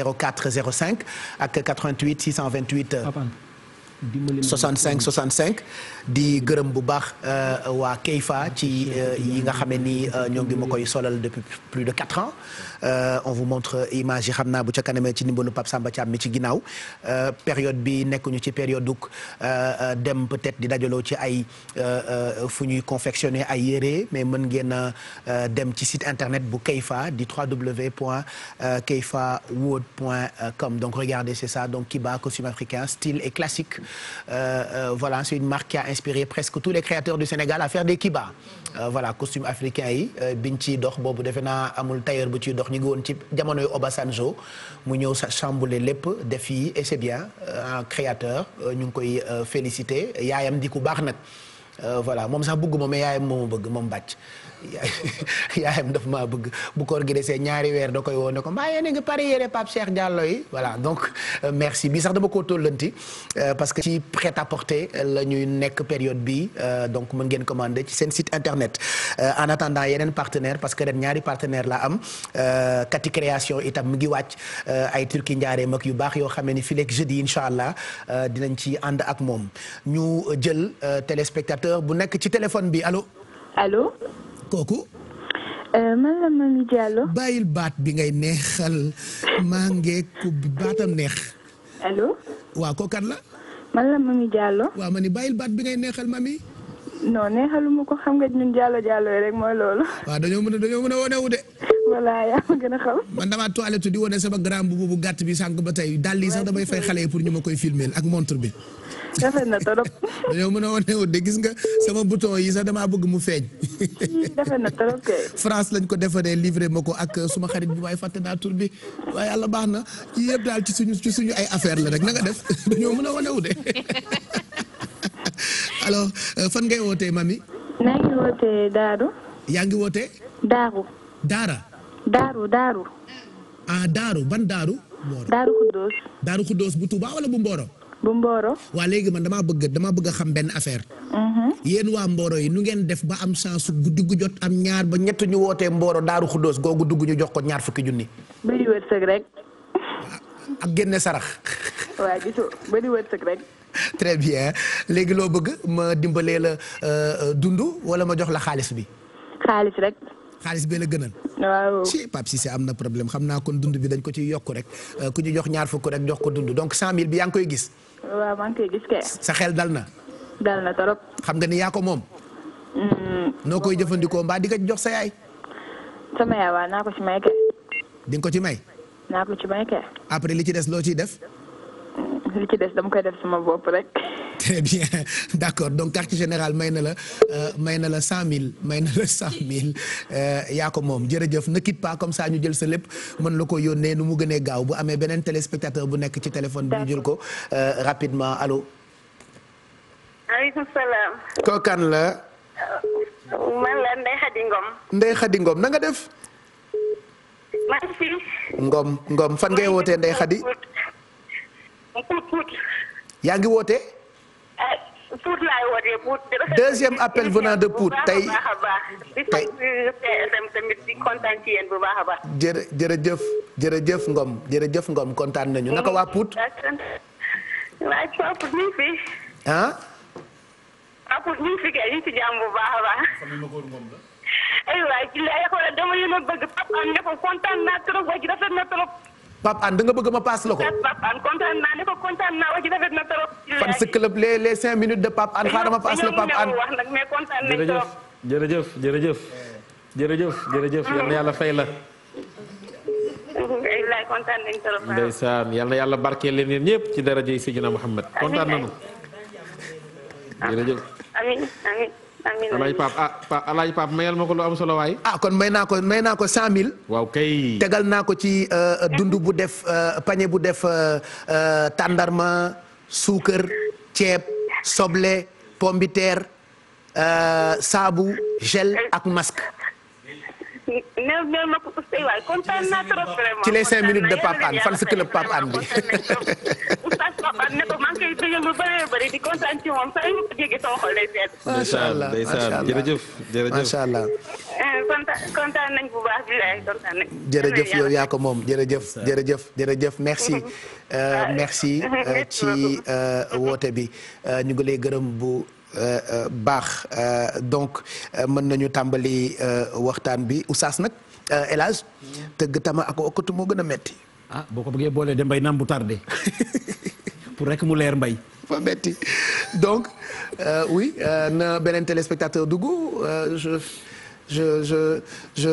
04 05 ak 88 65 65 di gërëm bu baax euh, waa Keifa ci euh, yi nga xamee ni euh, ñoo ngi ma koy solal depuis plus de quatre ans on vous montre image yi xam naa bu ca kanamee ci ndimbalu Pape Samba am mi ci ginnaaw période bi nekkuñu ci période duk dem peut-être di dajaloo ci ay fu ñuy confectionner ay yëre mais mën ngeen a dem ci site internet bu Keifa di www.keifawood.com donc regardez c'est ça donc Kiba costume africain style et classique Euh, euh, voilà c'est une marque qui a inspiré presque tous les créateurs du Sénégal à faire des kibas euh, voilà costume africain yi biñ ciy dox boobu defe naa amul tailleur bu ciy dox ñu ngi woon ci jamonoy Obasanjo mu ñëw sa chamboulé lépp def yi et c'est bien un créateur ñu ngi koy félicité yaayam di ku baax nag voilà moom sax bëgguma mais yaayam moo ma bëgg moom bàcc yaayam daf ma bëgg bu koor gi desee ñaari weer da koy woo ne ko maa yéene nga pare yére Pape Cheikh Diallo yi voilà donc euh, merci bi sax dama koo tollanti euh, parce que ci prêt à porter la ñuy nekk période bi euh, donc mën ngeen commander ci seen site internet en attendant yeneen partenaire parce que ren ñaari partenaire la am kati création itam mu ngi wàcc ay turki njaaree mag yu baax yoo xamee ni fii léegi jeudi incha allah dinañ ci ànd ak moom ñu jël téléspectateur bu nekk ci téléphone bi allo kooku. Euh, man la Mamy Diallo. bàyyil baat bi ngay neexal maa ngeeg baatam neex. allo. waaw kooku kan la. man la Mamy Diallo. waaw ma ni bàyyil baat bi ngay neexal mami. non neexaluma ko xam nga ñun Diallo Diallo rek mooy loolu. waaw dañoo mun a dañoo mën a wane wu de. voilà yaa ma gën a xam. man damaa toilette di wane sama grand bu bu gàtt bi sànq ba tey dàll yi sax damay fay xale yi pour ñu ma koy filmer ak montre bi. rafet na trop. dañoo mën a wane gis nga sama bouton yi sax damaa bëgg mu feeñ. Mm, rafet na ko defaree livré ma ko ak suma xarit bi waaye fàtte naa bi waaye yàlla baax daal ci suñu suñu ay affaire la rek na def dañoo mën a wane wut de alors euh, fan ngay wootee mami. naa ngi wootee Daaru. yaa ngi wootee. Daaru. Daaru ah Daaru ban Daaru. Daaru Xuddoos. Daaru Xuddoos bu Touba wala bu Mboro. bu Mboro. waa léegi man damaa bëgg dama bëgg a xam benn affaire. Mm-hmm. yéen waa Mboro yi nu ngeen def ba am saa su guddi gu jot am ñaar ba ñett ñu wootee Mboro Daaru Xuddoos googu dugg ñu jox ko ñaar fukki junni. bëri wërsëg rek. Ah, loo bëgg ma dimbalee la euh, euh, dund wala ma jox la xaalis bi. xaalis rek. xaalis bee la gënal. waaw si Pape Cissé am naa kon dund bi dañ ko ci yokk rek euh, ku ñu jox ñaar fukk rek jox ko dund donc cent mille bi yaa ngi koy gis. waaw maa ngi gis kay. sa xel dal na. dal na torop xam nga ni yaako moom. Mm. noo koy jëfandikoo mbaa di nga jox sa yaay. sama yaay waaw naa ko ci may kay. di ko ci may. naa ko ci may kay. après li ci des loo ciy def. Mm, li ci des dam koy def sama bopp rek. très bien d'accord donc quartier général may na la euh, may na la cent mille may na la cent mille euh, yaa ko moom jërëjëf ne quitte pas comme saa ñu jël sa lépp mën la ko yónnee nu mu gënee gaaw bu amee beneen téléspectateur bu nekk ci téléphone bi ñu jël ko euh, rapidement allo. maaleykum salaam. kookaan la. man la Ndeye Khady Ngom. Ndeye Khady Ngom na def. ngoom ngoom fan ngay wootee Ndeye Khady. yaa ngi wootee. Pout laay deuxième appel venant de Pout tey tey tamit di kontaan ci yéen bu baax baax. jërë jërëjëf jërëjëf Ngom jërëjëf Ngom kontaan nañu naka waa Pout. waa Pout ñu fi. ah. waa Pout ñu fi kay ñu ci jàmm bu baax baax. aywa ci la xoolal dama leen bëgg Pape am na naa trop waa ji rafet na trop. Pape Hann da nga bëgg ma paas la ko. Pape Hann le les les cinq minutes de Pape Hann xaaral paas la Pape jërëjëf jërëjëf jërëjëf yal na yàlla fay la. wallaay kontaan yal na yàlla barkeel leen yéen ñëpp ci daraja yi Seydina Mouhamed kontaan nañu. amiin jërëjëf. a alaaj Pape ah Pa alaaj mayal ma ko lu am solo waay. ah kon may naa ko may naa ko cent mille. waaw naa ko ci euh, euh, dund bu def euh, pañe bu def tàndarma suukar ceeb soble pombiteer saabu gel ak masque. néew néew ma ko Ousseyn waay kontaan ci les cinq minutes de Pape Hann fan si club Pape Hann bi. oustaz Pape Hann ne ko yow yaa moom jërëjëf merci. ci woote bi ñu ngi lay gërëm bu. Euh, euh, baax euh, donc mën nañu tàmbali waxtaan bi Oustaz nag El tëgg tama ak okkatu moo gën a metti ah boo ko bëggee boolee de mbay naam bu tardé pour rek mu leer mbay fa metti donc euh, oui na beneen téléspectateur dugg euh, je je je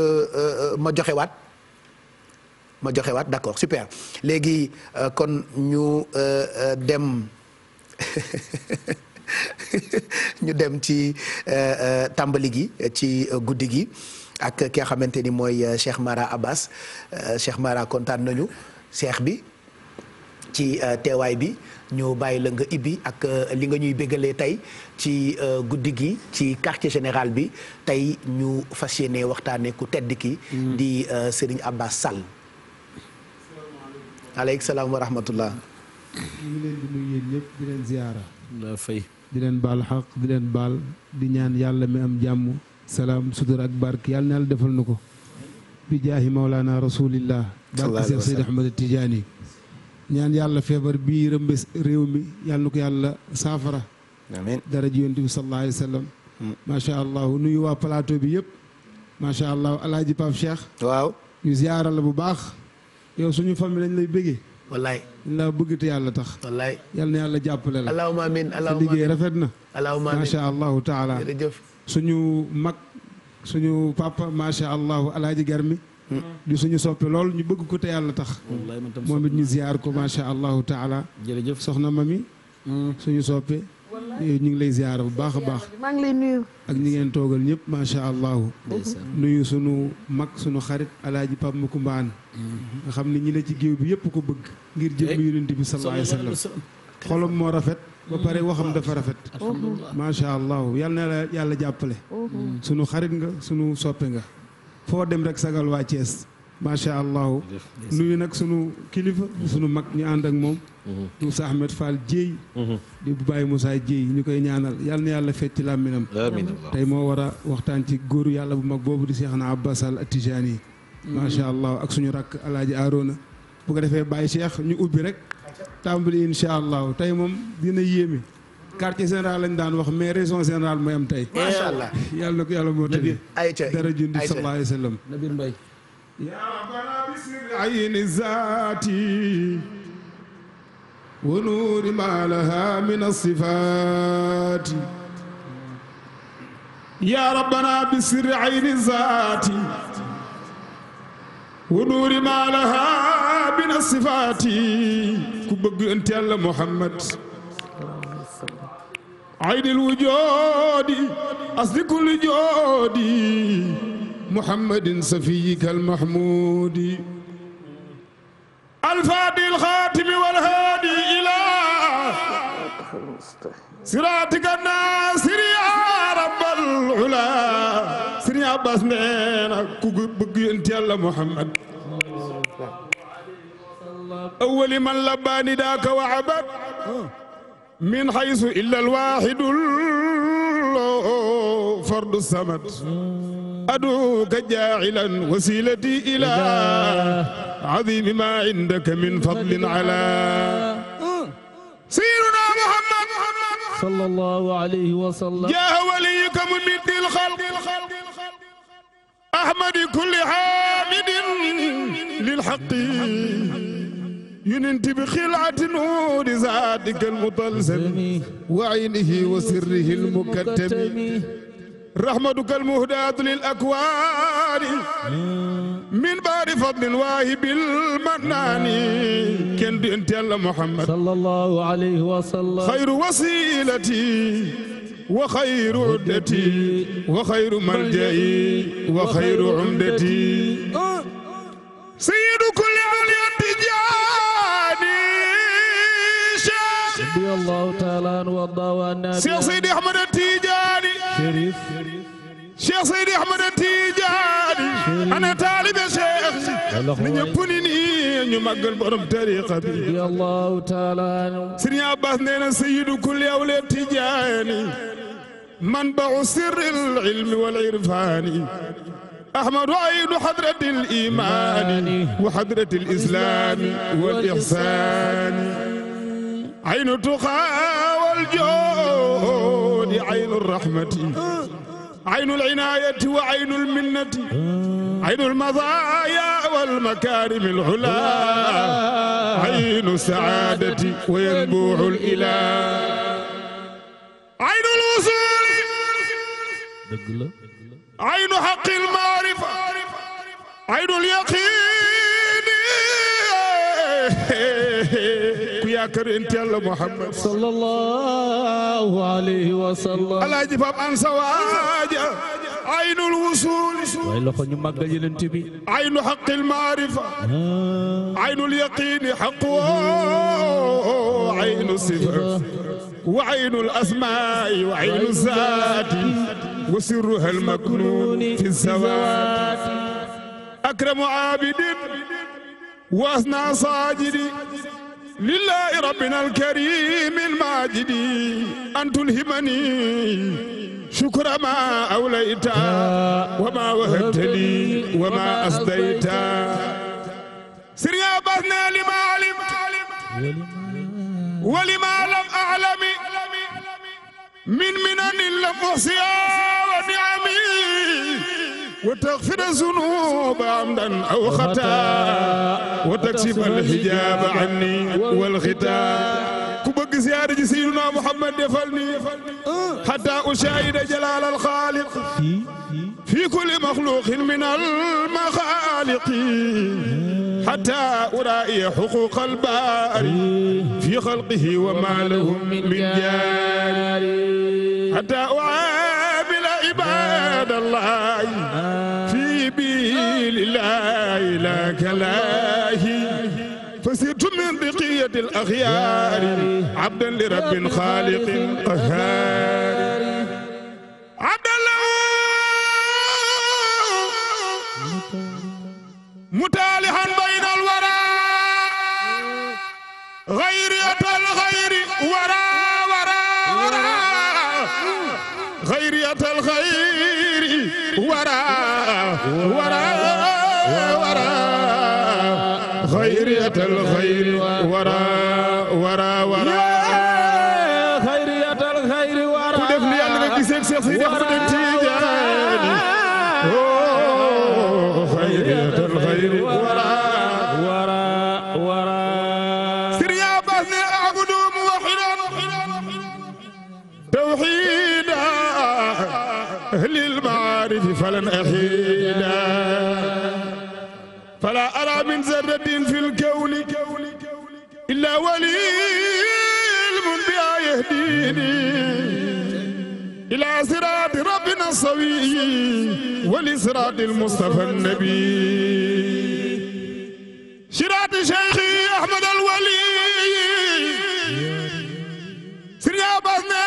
ma joxewaat waat ma joxe d'accord super léegi kon ñu dem ñu dem ci euh, euh, tàmbali gi ci euh, guddi gi ak ki nga xamante ni mooy Cheikh Mara Abbas Cheikh Mara kontaan nañu Cheikh bi ci teewaay bi ñu bàyyi la nga ibbi ak li nga ñuy bégalee tey ci guddi gi ci karti général bi tey ñu fas yéene waxtaanee ku tedd ki. Mm. di Serigne Abbas Sall. aleykum salaam wa rahmatullah. di leen baal xaq di leen baal di ñaan yàlla mi am jàmm salaam sutura ak barke yàlla na yàlla defal nu ko bi jaahi mawlaana rasulillah barke Seex Seydi Ahmad Tijaani ñaan yàlla feebar bii rëmbes réew mi yàlla na ko yàlla saafara amiin dara ji yonent bi sallallahu alayhi wa mm. macha allah nuyu waa palaato bi yëpp macha allah alaaji Pape Cheikh waaw ñu ziyaara la bu baax yow suñu famille lañ lay bëggee wallaay laa bëgg te yàlla tax. wallaay yal na yàlla jàppale la. allahumma amiin allahumma amiin liggéey rafet na. allahumma amiin macha allahu taala. jërëjëf suñu mag suñu papa macha allahu alaaji garmi hmm. di suñu soppe lool ñu bëgg ko te yàlla tax. moom it ñu ziar ko macha allahu taala. jërëjëf soxna mami. Hmm. suñu soppe. ñu ngi lay ziyaara bu baax a baax. maa ngi lay nuyu. ak ñi ngeen toogal ñëpp macha allah. nuyu sunu mag sunu xarit alaaji Pape Makumba mm-hmm. nga xam ne ñi la ci géew bi yëpp ko bëgg. ngir jëm eh, yonent bi sallallahu alayhi wa sallam. xolam moo rafet. ba pare mm-hmm. waxam dafa rafet. macha allah yal na la yàlla jàppale. Mm-hmm. sunu xarit nga sunu soppe nga. foo dem rek sagal waa Thiès. macha allah nuyu nag sunu kilifa sunu mag ñu ànd ak moom. Mm-hmm. Moussa Ahmed Fall Dieye. Mm-hmm. di bu bàyyi Moussa Dieye ñu koy ñaanal yal na yàlla ci làmminam tey moo war a waxtaan ci góor yàlla bu mag boobu di Cheikhna na Sall At-Tijani yi. Mm-hmm. macha allah ak suñu rakk El Hadj Arona bu ko defee bàyyi Cheikh ñu ubbi rek. tàmbali incha allah tey moom dina yéeme. quartier général lañ daan wax mais région générale mooy am tey. yàlla na ko yàlla moo tëddee. ayca dara jundi sallallahu alayhi wa sallam. يا ربنا باسم العين الذاتي ونور ما لها من الصفات يا ربنا بسر عين الذات ونور ما لها من الصفات كبق انت يا محمد عين الوجود اصل كل جودي محمد صفيك المحمود الفادي الخاتم والهادي إلى صراطك الناصر يا رب العلا سيري عباس نينا كوكو بغ انت يالا محمد أول من لباني داك وعبد من حيث إلا الواحد فرد الصمد أدعوك جاعلا وسيلتي إلى عظيم ما عندك من فضل على سيدنا محمد صلى الله عليه وسلم جاه وليك ممد الخلق أحمد كل حامد للحق يننت بخلعة نور ذاتك المطلسم وعينه وسره المكتم رحمتك المهداة للأكوان من بار فضل الواهب المنان كند انت محمد صلى الله عليه وسلم خير وسيلتي وخير عدتي وخير ملجئي وخير عمدتي سيد كل علي التجاني رضي الله تعالى عنه وارضاه سيدي احمد التجاني Cheikh Seydi Ahmed Tidiane ana taalibe Cheikh ni ñëpp ni nii ñu màggal borom tariqa bi radiyallahu ta'ala anhu Sëriñ Abbas nee na sayyidu kulli awliya Tijaani manba'u sirril ilmi wal irfaani أحمد عيد حضرة الإيمان وحضرة الإسلام والإحسان عين التقى والجود الجود عين الرحمة عين العناية وعين المنة عين المضايا والمكارم العلا عين السعادة وينبوع الإله عين الوصول عين حق المعرفة عين اليقين waa kër yonent Yàlla Muhammad sallallahu alayhi wa sallam alaaji fam an sawaaja aynul wusul way loxo ñu màggal yonent bi aynu haqqil maarifa aynul yaqiini haqqu aynu sifa wa aynul asmaai wa aynu zaati wa sirruha almaknuun fi zawaati akramu aabidin wa asnaa saajidi lillahi rabbina alkarim almajidi an tulhimani shukra ma awlayta wa ma wahabtali wa ma asdayta sëriñ Abbas ne lima alim wa lima lam a'lami min minani la fusiya wa ni'am وتغفر الذنوب عمدا أو خطأ وتكشف الحجاب عني والختان ku bëgg ziyaare ji Seydina Muhammad defal nii hatta ushaahida jalaal al-Xaaliq fi kulli maxluqin min al-maxaaliqi hatta uraa'iya xuquuq al-baari fi xalqihi wa maa lahum min jaari hatta إلهي فسرت من بقية الأخيار عبدا لرب خالق قهار من ذرة في الكون إلا ولي المنبئ يهديني إلى صراط ربنا الصوي ولصراط المصطفى النبي صراط شيخي أحمد الولي سريا بسنا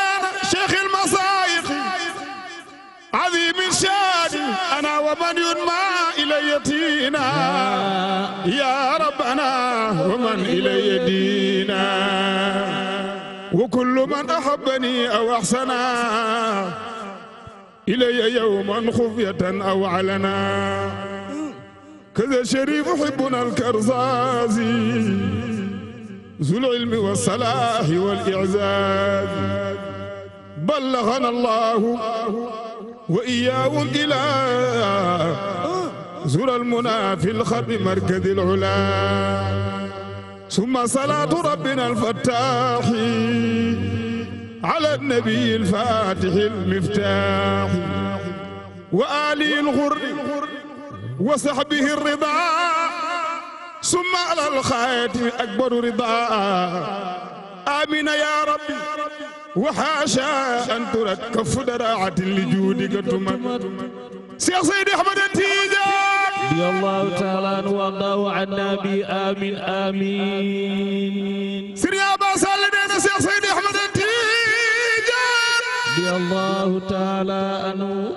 أنا ومن ينمى إلى يتينا يا ربنا ومن إلى يدينا وكل من أحبني أو أحسنا إلي يوما خفية أو علنا كذا شريف حبنا الكرزازي ذو العلم والصلاح والإعزاز بلغنا الله وإياهم إلى زر المنى في الخط مركز العلا ثم صلاة ربنا الفتاح على النبي الفاتح المفتاح وآله الغر وصحبه الرضا ثم على الخاتم أكبر رضا آمين يا ربي وحاشا أن ترك فدراعة لجودك تمت سيخ سيد أحمد التيجا رضي الله تعالى وارضاه عنا بآمين آمين سريا باسا لدينا سيخ سيد أحمد التيجا رضي الله تعالى عنه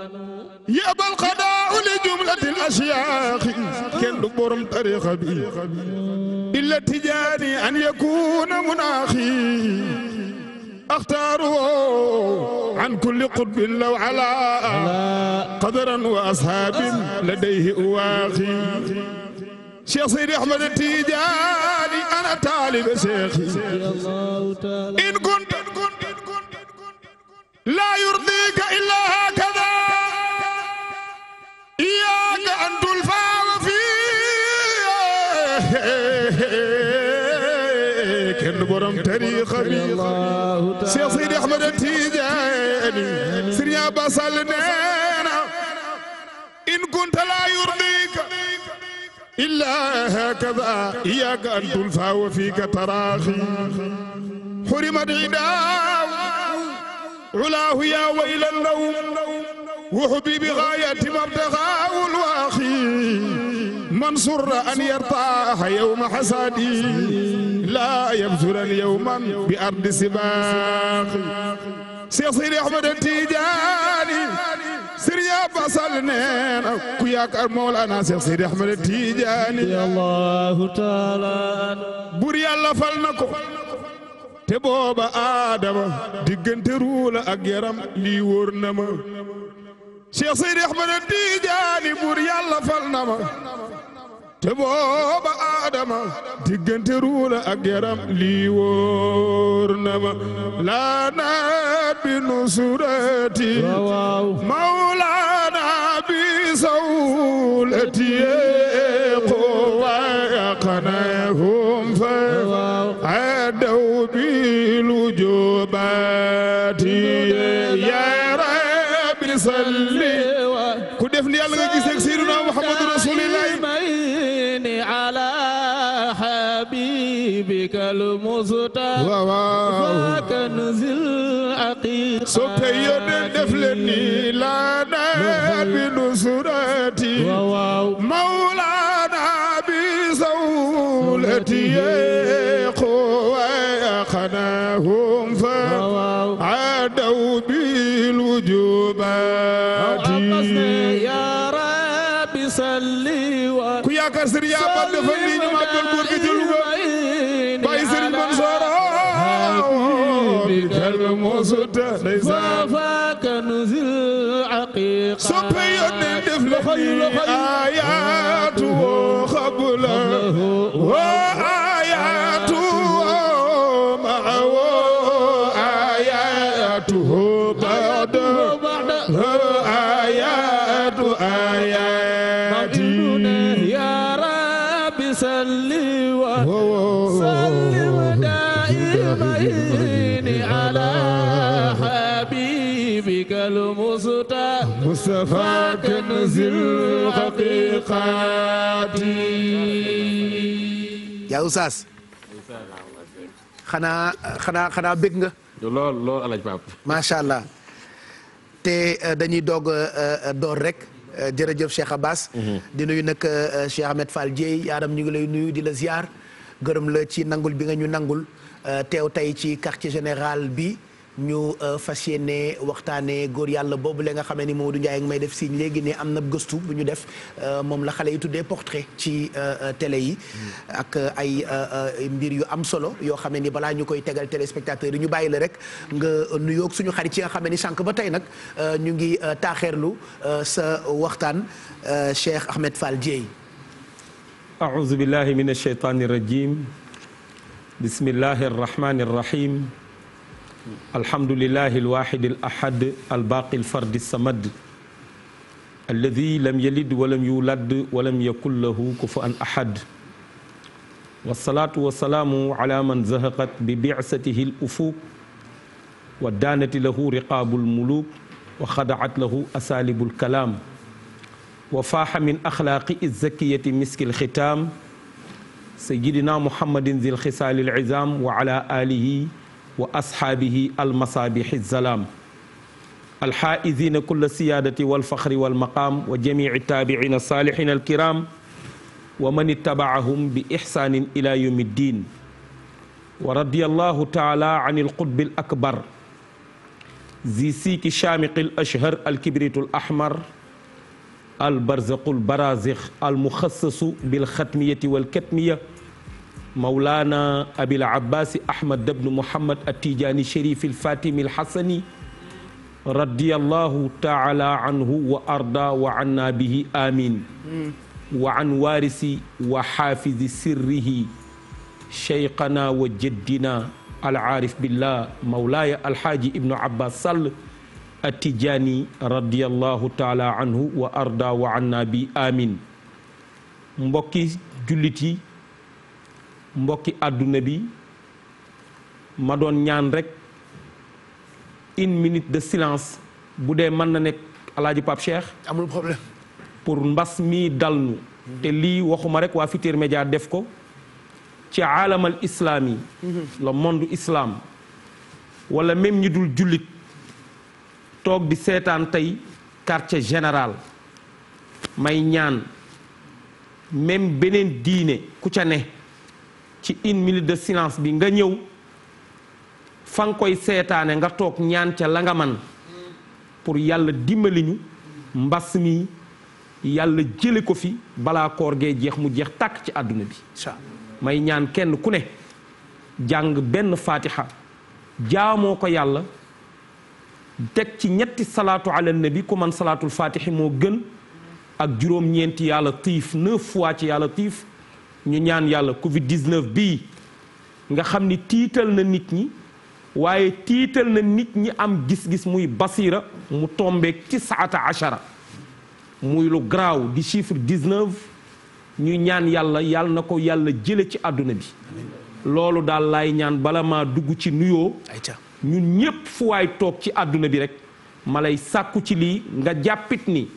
يأبى القضاء لجملة الأشياخ كن بورم طريق بي إلا تجاني أن يكون مناخي أختاره عن كل قطب لو على قدرا وأصحاب لديه أواخي شيخ سيدي أحمد التيجاني أنا طالب شيخي إن كنت لا يرضيك إلا هكذا sall neena in kunta laa yurdika illa hakada iyyaka an tulfa wa fika taraxi xurimat idaaw ulaahu yaa wa ila law wa hubibi gaayati mabtaxaawul waaxi man surra an yartaaha yowma xasaadi laa yabsuran yowman bi ardi sibaaxi Cheikh Seydi Ahmed Tidiane Serigne Abbas Sall nee na ku yaakaar Mawlana Cheikh Seydi Ahmed Tidiane Allahu taala bur yàlla fal na ko te booba aadama diggante ruula ak yaram lii wóor na ma Cheikh Seydi Ahmed Tidiane bur yàlla fal na ma te booba aadama diggante ruula ak yaram lii wóor na ma laa naat bi nusurati mawlaana bi sawlati yeeqowa yaqanahum fa adaw bi lu jooba waaw waaw kanzil aqiqa soppe yónneen def leen ni laa naa bi nusrati mawlaana bi sawlati sut soofaaka nusil aqiqa soppe yónneen def la ni ayaatu woo xabla woo ayaatu woo ma woo ayaatu woo baada woo ayaatu ayaatu نبيك المصطفى مصطفى كنز الحقيقات يا xanaa xanaa xanaa bég nga. lool lool alaaj Pape. macha allah te eh, dañuy doog eh, eh, door rek jërëjëf Cheikh Abbas. Mhm. di nuyu nag Cheikh Ahmed Fall Dieye yaaram ñu ngi lay nuyu di la ziar gërëm la ci nangul bi nga ñu nangul teew tey ci quartier général bi. ñu euh, fas ne waxtaanee góor yàlla boobu la nga xamee ni Mamadou Ndiaye ngi may def signe léegi ne am na gëstu bu ñu def euh, moom la xale yi tuddee portrait ci euh, télé yi. Mm. ak ay mbir yu am solo yoo xam ne ni balaa ñu koy tegal téléspectateur yi ñu bàyyi la rek nga nuyoog suñu xarit ci nga xam ni sànq ba tey nag ñu ngi taaxeerlu sa waxtaan Cheikh Ahmed Fall Dieye. a'uuzu billahi mina shaytaani rajiim bismillahi rahmaani rahiim. alhamdulilahi alwaxidi al ahad albaqi alfardi samad alladi lam yalid walam yulad walam yakun lahu kufuan ahad wasalaatu wasalaamu ala man zahaqat bi bicsatihi al ufuq wa daanati lahu riqaabu almuluk wa xadaat lahu asaalibu alkalaam wa faaxa min axlaaqi izzakiyati miski alxitaam sayidina muhammadin zil xisaali alcizaam wa ala alihi wa asxaabihi almasaabihi zalaam alxaaizina kulla siyaadati walfaxri walmaqaam wa jamici taabiina saalixina alkiraam wa man ittabacahum bi ixsaanin ila yawmi ddiin wa radiyallahu taala an alqutbi alakbar zi siiki shaamiqi alashhar alkibritu alaxmar albarzaqu albarazix almuxassasu bilxatmiyati walkatmiya مولانا أبي العباس أحمد بن محمد التيجاني شريف الفاتم الحسني رضي الله تعالى عنه وأرضى وعنا به آمين وعن وارث وحافظ سره شيخنا وجدنا العارف بالله مولاي الحاج ابن عباس صل التيجاني رضي الله تعالى عنه وأرضى وعنا به آمين مبكي جلتي mbokki àdduna bi ma doon ñaan rek une minute de silence bu dee mën na nekk alaaji Pape Cheikh. amul pour mbas mi dal nu te lii waxuma rek waa Futurs Médias def ko ci aalamal islaam yi mhm. le monde islam wala même ñi dul jullit toog di seetaan tey quartier général may ñaan même beneen diine ku ca ne ci une minute de silence bi nga ñëw fa nga koy seetaane nga toog ñaan ca la nga man pour yàlla dimbali ñu mbas mi yàlla jële ko fi balaa koor gee jeex mu jeex tàkk ci àdduna bi may ñaan kenn ku ne jàng benn faatiha jaamoo ko yàlla teg ci ñetti salaatu ala bi ku man salaatul faatihi moo gën ak juróom-ñeenti yàlla tiif neuf fois ci yàlla tiif ñu ñaan yàlla Covid 19 bii nga xam ni tiital na nit ñi waaye tiital na nit ñi am gis-gis muy basira mu tombeek ci saata muy lu garaaw di chiffre 19 ñu ñaan yàlla yàlla na ko yàlla jële ci àdduna bi loolu daal lay ñaan bala maa dugg ci nuyoo ñun ñépp fuwaay toog ci àdduna bi rek malay sàkku ci lii nga jàppit ni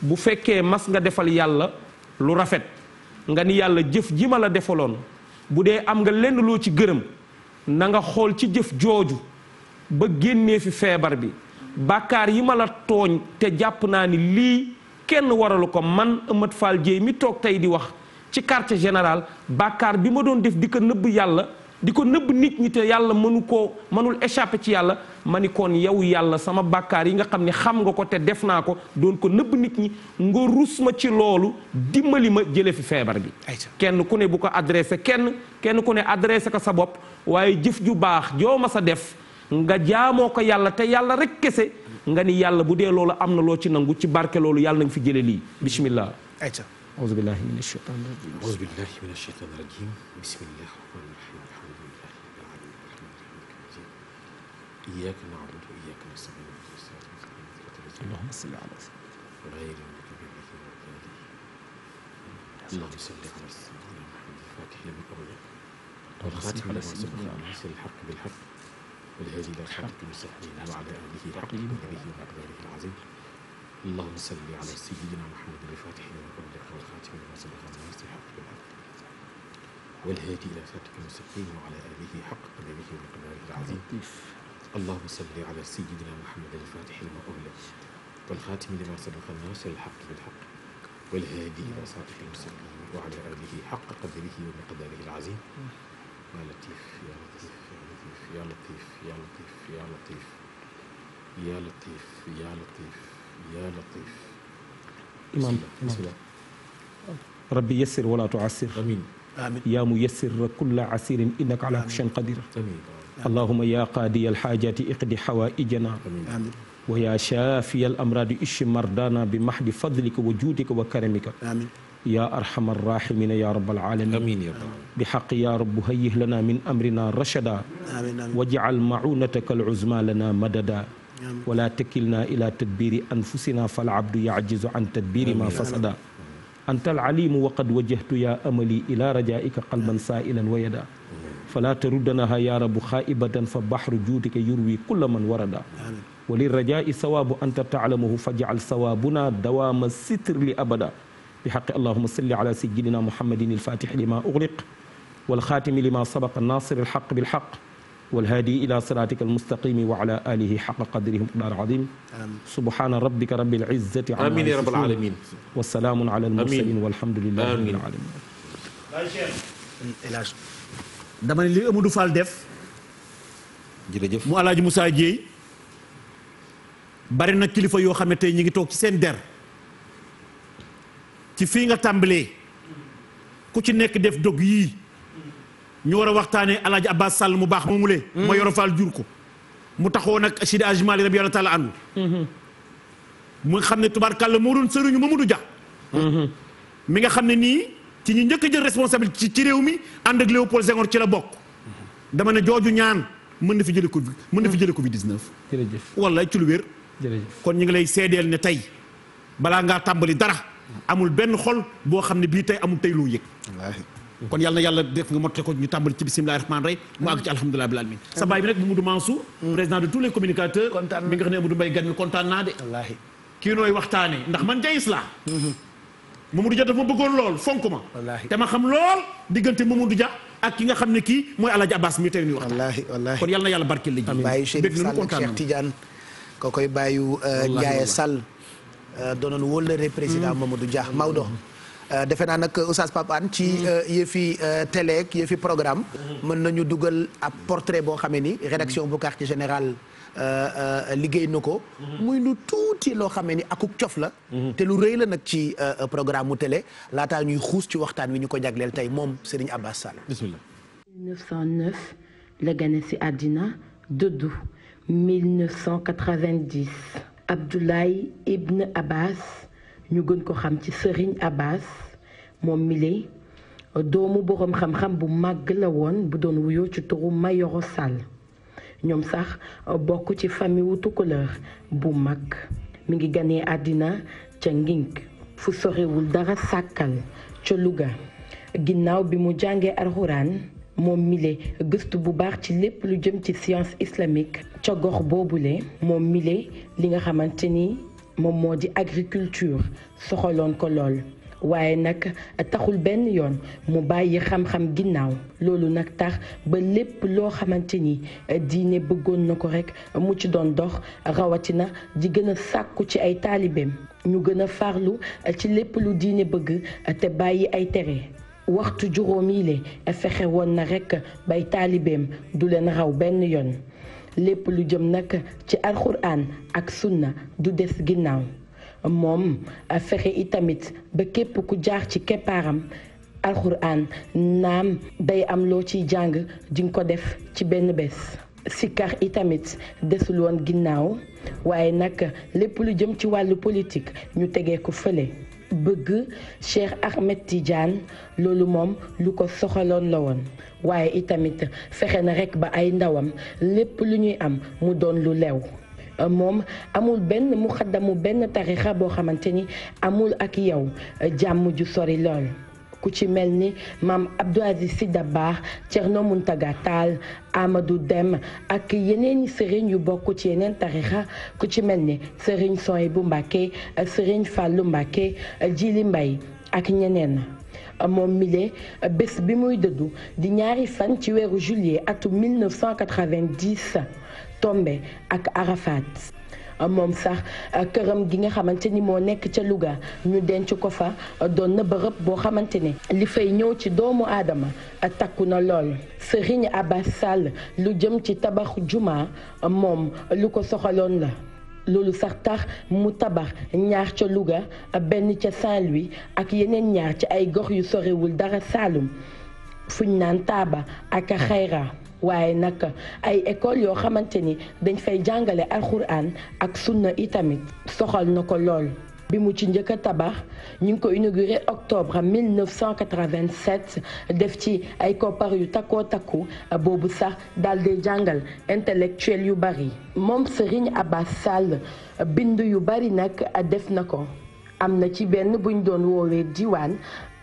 bu fekkee mas nga defal yàlla lu rafet nga ni yàlla jëf ji ma la defaloon bu dee am nga lenn loo ci gërëm na nga xool ci jëf jooju ba génnee fi feebar bi bàkkaar yi ma la tooñ te jàpp naa ni lii kenn waralu ko man Amath Fall Dieye mi toog tey di wax ci quartier général bàkkaar bi ma doon def di ko nëbb yàlla di ko nëbb nit ñi te yàlla mënu koo mënul échappé ci yàlla ma ni koon yow yàlla sama bàkkaar yi nga xam ne xam nga ko te def naa ko doon ko nëbb nit ñi nga rus ma ci loolu dimbali ma jële fi feebar bi kenn ku ne bu ko adressé kenn kenn ku ne adressé ko sa bopp waaye jëf ju baax joo ma sa def nga jaamoo ko yàlla te yàlla rek kese nga ni yàlla bu dee loolu am na loo ci nangu ci barke loolu yàlla nañ fi jële lii bismillah ayca إياك نعبد وإياك نستعين اللهم صل على سيدنا غير المغضوب عليهم اللهم صل على سيدنا محمد الفاتح لما أغلق والخاتم لما سبق ناصر الحق بالحق والهادي إلى صراطك المستقيم وعلى آله حق قدره ومقداره العظيم اللهم صل على سيدنا محمد الفاتح لما أغلق والخاتم لما سبق ناصر الحق بالحق والهادي إلى صراطك المستقيم وعلى آله حق قدره ومقداره العظيم allahuma salli ala sayidina muhammad alfatixi lima uxliq walxaatimi lima sabaqa nasir alxaqi bilxaq walhaadi ila siraatika almustaqim wa ala alihi xaqa qadrihi wa miqdaarihi alazim yaa latif yaa latif yaa latif yaa latif yaa latif yaa latif yaa latif yaa latif imaam rabbi yassir wala tuassir amiin yaa muyassir kulla asirin innaka ala kulli shay'in qadir amiin allahuma ya qaadiya alxaajaati iqdi xawaaijana wa ya shaafiya al amraadi ishi mardana bi mahdi fadlika wa juudika wa karamika yaa arxama arraximina yaa rabbal aalamiin bi xaq yaa rabbu hayyih lana min amrina rachada wajcal maunataka aluzma lana madada wala takilna ila tadbiri anfusina falabdu yajizu an tadbiri ma fasada anta alalimu waqad wajahtu yaa amali ila rajaika qalban saailan wa yada fala taruddanaha ya rabu xaaibatan fa baxru juutika yurwi kulla man warada wa lirajai sawaabu anta taalamuhu fa jacal sawaabuna dawaama sitr li abada bi xaqi allahuma salli ala sayidina muhammadin alfatixi lima uxliq walxaatimi lima sabaqa nasir alxaq bilxaq والهادي إلى صراطك المستقيم وعلى آله حق قدره مقدار عظيم آمين. سبحان ربك رب العزة عما آمين يا رب العالمين والسلام على المرسلين والحمد لله رب العالمين dama ne li Amadou Fall def. jërëjëf mu El Hadj Moussa Dieye bari na kilifa yoo xam ne tey ñu ngi toog ci seen der ci fii nga tàmbalee ku ci nekk def dog yii ñu war a waxtaanee El Hadj Abbas Sall mu baax moomule. Mm-hmm. ma Yoro Fall jur ko. mu taxoon ak Sidi Hadj Malick radiyallaahu taala anhu mm-hmm. mu nga xam ne tubaarkàlla moo doon sëriñu Mamadou Dia. Mm-hmm. mi nga xam ne nii. ci ñi njëkk jël responsabilité ci réew mi ànd ak Léopold ci la bokk dama ne jooju ñaan mën na fi jële Covid mën na fi jële Covid 19. jërëjëf wala ci lu wér. jërëjëf kon ñu ngi lay seedeel ne tey balaa ngaa tàmbali dara amul benn xol boo xam ne bii tey amul tey loo yëg. kon yàlla na yàlla def nga motte ko ñu tàmbali ci bisimilah rahmaani rahim mu àgg ci alhamdulilah bil alamin sa baay bi nag Mamadou Mansour mm. président de tous les communicateurs. kontaan mi nga xam ne Amadou Mbaye gan mi kontaan ndax man jayis laa mm-hmm. Mamadou Dia dafa bëggoon lool fonk ma. te ma xam lool diggante Mamadou Dia ak ki nga xam ne kii mooy El Hadj Abbas mi tey ñu wax. wallaahi wallaahi kon yal na yàlla barkeel la ji. amiin bàyyi Chérif Sall ak Cheikh Tidiane ko koy bàyyu euh, Ndiaye Sall. Euh, doonoon wóllëre président hmm. Mamadou Dia hmm. Maodo. Euh, defe naa nag Oustaz Pape Hann ci hmm. yëfi télé ak yëfi programme. mën nañu dugal ab portrait boo xamee ni. rédaction bu quartier général. Euh, euh, liggéey na ko. Mhm. muy lu tuuti loo xamee ni akuk cof la. Mhm. te lu rëy la nag ci euh, programme mu télé laataa ñuy xuus ci waxtaan wi ñu ko jagleel tey moom Serigne Abbas Sall. bismillah. 1909 la gane si àddina dëddu 1990 Abdoulaye Ibn Abbas ñu gën ko xam ci Serigne Abbas moom mile doomu boroom xam-xam bu màgg la woon bu doon wuyoo ci turu Mayoro Sall. ñoom sax bokk ci famille wutu tukkuleur bu mag mi ngi ganee àddina ca ngink fu sorewul dara sàkkal ca Louga ginnaaw bi mu jàngee alxuraan moom mile gëstu bu baax ci lépp lu jëm ci science islamique ca gox boobule moom mile li nga xamante ni moom moo di agriculture soxaloon ko lool waaye nag taxul benn yoon mu bàyyi xam-xam ginnaaw loolu nag tax ba lépp loo xamante ni eh, diine bëggoon na ko rekk mu ci doon dox rawatina di gën a sàkku ci ay taalibeem ñu gën a farlu eh, ci lépp lu diine bëgg eh, te bàyyi ay tere waxtu juróom yi fexe woon na rek bay taalibeem du leen raw benn yoon lépp lu jëm nag ci alxuraan ak sunna du des ginnaaw moom fexe itamit ba képp ku jaar ci keppaaram alxuraan naam day am loo ciy jàng di ko def ci benn bés. Sikar itamit desul woon ginnaaw waaye nag lépp lu jëm ci wàllu politique ñu tege ko fële bëgg Cheikh Ahmed Tidiane loolu moom lu ko soxaloon la woon waaye itamit fexe na rekk ba ay ndawam lépp lu ñuy am mu doon lu leew. moom amul benn mu benn tarixa boo xamante ni amul ak yow jàmm ju sori lool ku ci mel ni maam Abdou Aziz Sy Dabakh Thierno Mountaga Tall Amadou Deme ak yeneeni i sëriñ yu bokk ci yeneen tarixa ku ci mel ni sëriñ Sohaibou Mbacké sëriñ Fallou Mbacké Djily mbay ak ñeneen moom mile bés bi muy dëddu di ñaari fan ci weeru juillet atum 1990 tombe ak Arafat moom sax euh, këram gi nga xamante ni moo nekk ca Louga ñu denc ko fa euh, doon na bërëb boo xamante ni li fay ñëw ci doomu aadama euh, takku na lool Serigne Abbas Sall lu jëm ci tabaxu juma moom lu ko soxaloon la loolu sax tax mu tabax ñaar ca Louga benn ca Saint-Louis ak yeneen ñaar ci ay gox yu sorewul dara Saalum fuñ naan Taaba ak Xayra waaye nag ay école yoo xamante ni dañ fay jàngale alxuraan ak sunna itamit soxal na ko lool bi mu ci njëkk a tabax ñu ngi ko inauguré octobre 1987 def ci ay koppar yu takkoo takku boobu sax daal di jàngal intellectuel yu bari moom Serigne Abbas Sall bind yu bari nag def na ko am na ci benn buñ doon woowee diwaan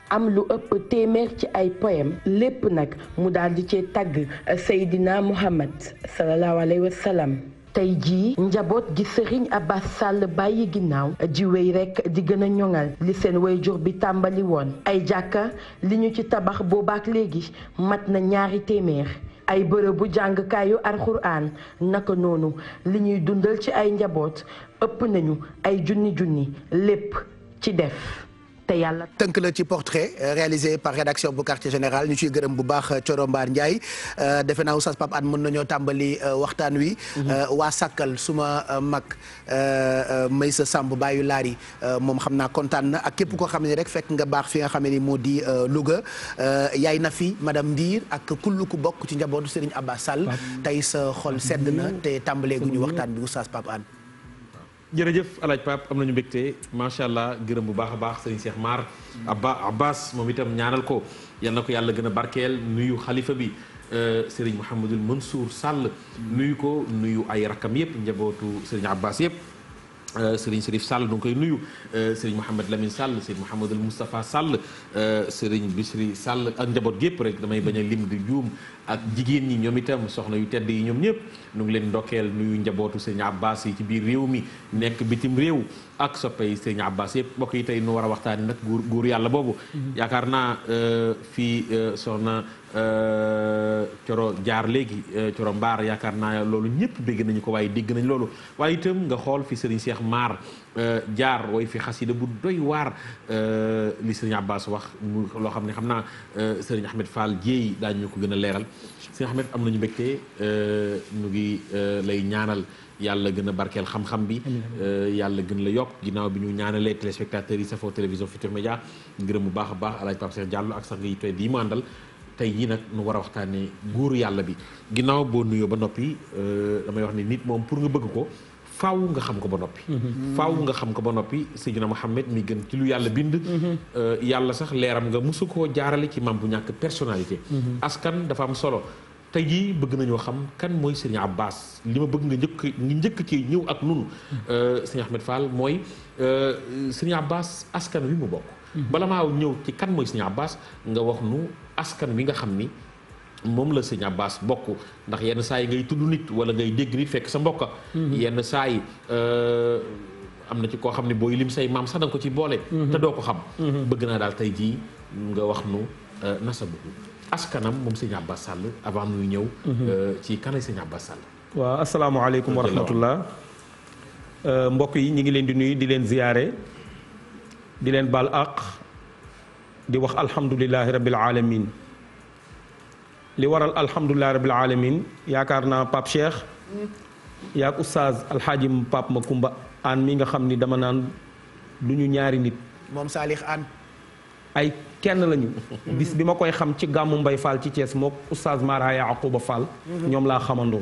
am lu ëpp téeméer ci ay poème lépp nag mu daldi ci cee tagg euh, Seydina Muhammad sallallahu alayhi wa tey jii njaboot gi Serigne Abbas Sall bàyyi ginnaaw ji wéy rekk di gën a ñoŋal li seen wayjur bi tàmbali woon ay jàkka li ñu ci tabax boobaak léegi mat na ñaari téeméer ay bu jàngukaayu alxuraan naka noonu li ñuy dundal ci ay njaboot ëpp nañu ay junni junni lépp ci def te yàlla. tënk la ci portrait euh, réalisé par rédaction bu quartier général ñu ciy gërëm bu baax euh, Thioro mbaar Ndiaye euh, defe naa oustaz Pape Anne mën nañoo tàmbali waxtaan wi. Mhm. waa Sakkal suma mag may sa Maysa Samb bàyyu laari moom xam naa kontaan na ak képp koo xam ne rek fekk nga baax fi nga xam ne moo di Louga yaay na fi madame Ndiir ak kullu ku bokk ci njabootu Serigne Abba Sall. tey sa xol sedd na te tàmbalee gu ñu waxtaan bi oustaz Pape Anne. jërëjëf alaaj Pape am nañu mbégte macha allah gërëm bu baax a baax sëriñ Cheikh maar Abba Abbas moom itam ñaanal ko yal na ko yàlla gën a barkeel nuyu xalifa bi euh, sëriñ Mouhamadul Mansour sàll nuyu ko nuyu ay rakam yëpp njabootu sëriñ Abbas yëpp sëriñ euh, Serif Sall du koy nuyu euh, sëriñ Mouhamed Lamine Sall sëriñ Mouhamadul Moustapha Sall sëriñ Bisri Sall ak njaboot gépp rek damay bañ a lim di juum ak jigéen ñi ñoom itam soxna yu tedd yi ñoom ñëpp nu ngi leen ndokkeel nuyu njabootu sëñ Abbas yi ci biir réew mi nekk bitim réew ak soppay sëñ Abbas yëpp mbokk yi tey nu war a waxtaani nag góor góor yàlla boobu mm-hmm. yaakaar naa euh, fii euh, soxna euh, coro jaar léegi coro mbaar yaakaar naa loolu ñëpp dégg nañu ko waaye dégg nañ loolu waaye itam nga xool fi sëriñ Cheikh Maar Euh, jaar way fi xasida bu doy waar euh, li sëriñ Abbas wax loo xam ne xam naa euh, sëriñ Ahmed Fall jéey daañu ko gën a leeral sëriñ Ahmed am na nañu mbégte ñu ngi lay ñaanal yàlla gën a barkeel xam-xam bi yàlla gën la yokk ginnaaw bi ñu ñaanalee téléspectateurs yi safoo télévision Futurs Médias ngërëm bu baax a baax alaaj Pape Cheikh Diallo ak sax ngay tey di mu àndal tey jii nag nu war a waxtaane góor yàlla bi ginnaaw boo nuyoo ba noppi damay wax ni nit moom pour nga bëgg ko faaw nga xam ko ba noppi. Mhm. faaw nga xam ko ba noppi Seydina Mohamed mi gën ci lu yàlla bind. Mhm. Euh, yàlla sax leeram nga mosu koo jaarale ci maam bu ñàkk personnalité. Mhm. askan dafa am solo. tey jii bëgg nañoo xam kan mooy Serigne Abbas li ma bëgg nga njëkk nga njëkk ci ñëw ak nun euh, Serigne Ahmed Fall mooy euh, Serigne Abbas askan wi mu bokk. bala maa ñëw ci kan mooy Serigne Abbas nga wax nu askan wi nga xam ni. moom la sëñ Abbas bokk ndax yenn saa yi ngay tudd nit wala ngay dégg nit fekk sa mbokka mhm. yenn saa yi euh, am na ci koo xam ne booy lim say maam sax danga ko ci boole. Mhm. te doo ko xam. Mhm. bëgg naa daal tey jii nga wax nu euh, nasabu askanam moom sëñ Abbas Sall avant nuy ñëw. Euh, ci kanay sëñ Abbas Sall. waaw asalaamaaleykum wa rahmatullah mbokk yi ñu ngi leen di nuyu di leen ziyaare di leen baal àq di wax alhamdulilahi rabbil alamin li waral alhamdulilah rabil alamin yaakaar naa Pape Cheikh yaak oustaz alxaaji Pape Makumba aan mi nga xam ni dama naan du ñu ñaari nit. moom Salih aan ay kenn lañu. bis bi ma koy xam ci gàmmu Mbay Fall ci cees mook oustaz Mara Yaquba Fall. ñoom laa xamandoo.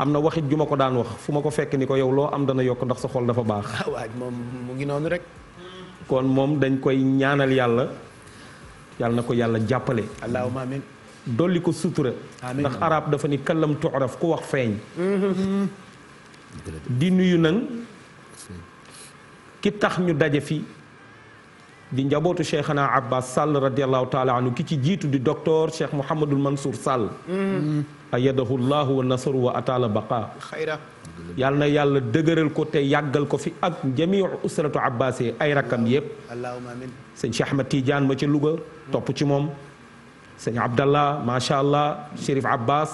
am na waxit ju ma ko daan wax fu ma ko fekk ni ko yow loo am dana yokk ndax sa xol dafa baax. moom mu ngi noonu rek. kon moom dañ koy ñaanal yàlla. yàlla na ko yàlla jàppale. allahumma amiin dolli ko sutura. ndax arab dafa ne kalam tu'raf ku wax feeñ. Mm-hmm. di nuyu nag ki tax ñu daje fi di njabootu Cheikhana Abbas Sall radiallahu taala anhu ki ci jiitu di docteur Cheikh Mouhamadul Mansour Sall. Mm-hmm. ayadahu llahu wa nasaru wa ataala baqa. yàlla na yàlla dëgëral ko te yàggal ko fi ak jamiu usratu abbasi ay rakkam yépp sëñ Cheikh ma tiijaan ma ci Louga topp ci moom sëñ Abdallah macha allah Chérif Abbas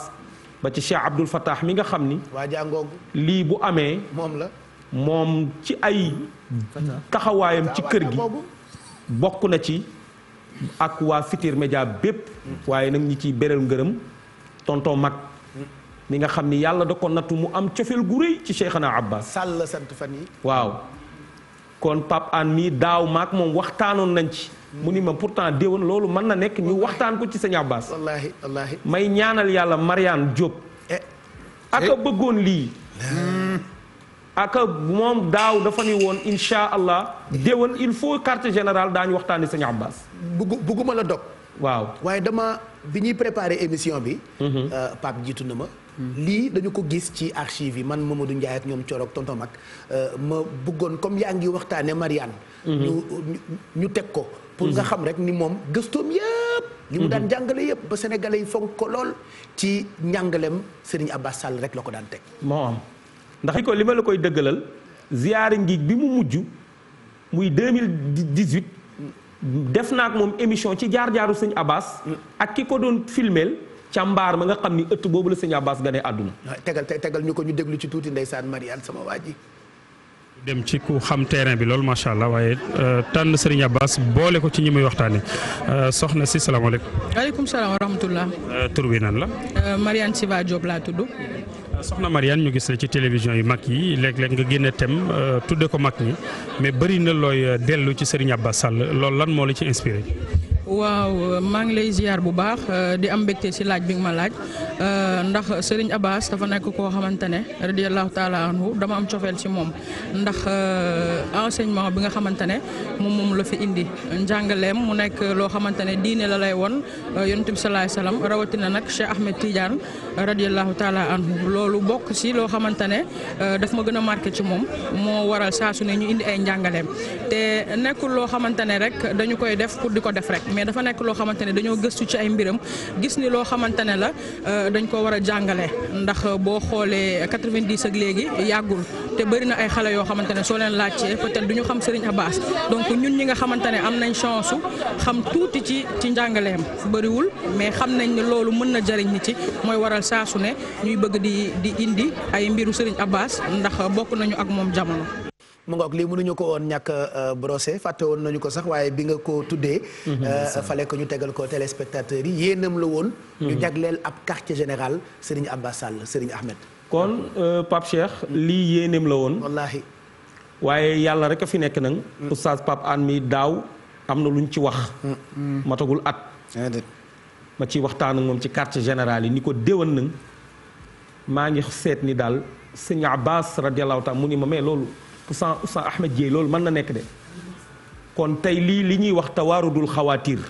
ba ci Cheikh Abdoul Fattah mi nga xam ni waa jàngoog lii bu amee moom la moom ci ay taxawaayam ci kër gi bokk na ci ak waa Futurs Médias bépp mm. waaye nag ñi ciy beral ngërëm tonton mag mi nga xam ni yàlla da ko nattu mu am cofeel gu rëy ci Cheikhana Abbas. Sall la sant fan yi waaw kon Pape Hann mii daaw maak moom waxtaanoon nañ ci. mu ni ma pourtant déwén loolu mën na nekk ñu waxtaan ko ci sëñ Abbas. wallaahi wallaahi may ñaanal yàlla Mariane Diop. Eh. aka bëggoon lii. aka moom daaw dafa ni woon insha allah déwén il faut quartier général daañu waxtaanee sëñ Abbas. buggu bugguma la dog waaw waaye dama bi ñuy préparer émission bi. Mhm. Euh, Pape jiitu na ma. lii dañu ko gis ci archive yi man Mamadou Ndiaye ak ñoom Coro ak tonton Mag euh, ma bëggoon comme yaa ngi waxtaane Marianne mhm. ñu ñu teg ko pour nga mhm. xam rek ni moom gëstoom yëpp li mu mhm. daan jàngale yëpp ba sénégalais yi fonk ko lool ci njàngalem Serigne Abbas Sall rek la ko daan teg moo am ndax ko li ma la koy dëggalal ziyaara ngi bi mu mujj muy 2018 def naa ak moom émission ci jaar-jaaru sëñ Abbas mm. ak ki ko doon filmeel ca mbaar ma nga xam ni ëtt boobu la sëñ Abbas gane àdduna tegal tegal ñu ko ñu déglu ci tuuti ndeysaan Mariane sama waa ji dem ci ku xam terrain bi loolu macha allah waaye euh, tànn Serigne Abbas boole ko ci ñu muy waxtaanee euh, soxna si salaamaaleykum. waaleykum salaam wa rahmatullah. Euh, tur bi la. Mariane si Diop laa tudd. soxna Mariane ñu gis la ci télévision yu mag yi léeg-léeg nga génne thème tudde ko mag ñi mais bëri na looy dellu ci Serigne Abbas Sall loolu lan moo la ci inspiré. waaw maa ngi lay ziar bu baax euh, di am mbégte ci laaj bi nga ma laaj euh, ndax Serigne Abbas dafa nekk koo xamante ne radiyallahu taala anhu dama am cofeel ci moom ndax euh, enseignement bi nga xamante ne moom moom la fi indi njàngaleem mu nekk loo xamante ne diine la lay won yonent bi salaay rawatina nag Cheikh Ahmed Tidiane radiyallahu taala anhu loolu bokk ci loo xamante ne daf ma gën a marqué ci moom moo waral saa su ne ñu indi ay njàngaleem te nekkul loo xamante rek dañu koy def pour di ko def rek. dafa nekk loo xamante ne dañoo gëstu ci ay mbiram gis ni loo xamante ne la euh, dañ ko war a jàngale ndax euh, boo xoolee 90 ak léegi yàggul te bëri na ay xale yoo xamante ne soo leen laajtee peut-être du ñu xam Serigne Abass donc ñun ñi nga xamante ne am nañ chance xam tuuti ci ci njàngaleem bëriwul mais xam nañ ne loolu mën na jariñ ni ci mooy waral saa su ne ñuy bëgg di di indi ay mbiru Serigne Abass ndax euh, bokk nañu ak moom jamono. mu ngoog lii mënuñu ko woon ñàkk euh, brosser fàtte woon nañu ko sax waaye bi nga ko tuddee mhm. euh, fale ko ñu tegal ko téléspectateurs yi yéenam la woon mhm. ñu jagleel ab quartier général Serigne Abba Sall Serigne Ahmed kon euh, Pape Cheikh mhm. lii yéenam la woon wallaahi waaye yàlla rek a fi nekk nag oustaz Pape Hann mi daaw am na ñu ci wax matagul at ma ci waxtaan ak moom ci quartier général yi ni ko déwan nag maa ngi seet ni daal sëñ Abbas radiallahu taala mu ni ma mais loolu oustaz oustaz Ahmed Dieye loolu mën na nekk de kon tey lii li ñuy wax tawaarudul xawaatir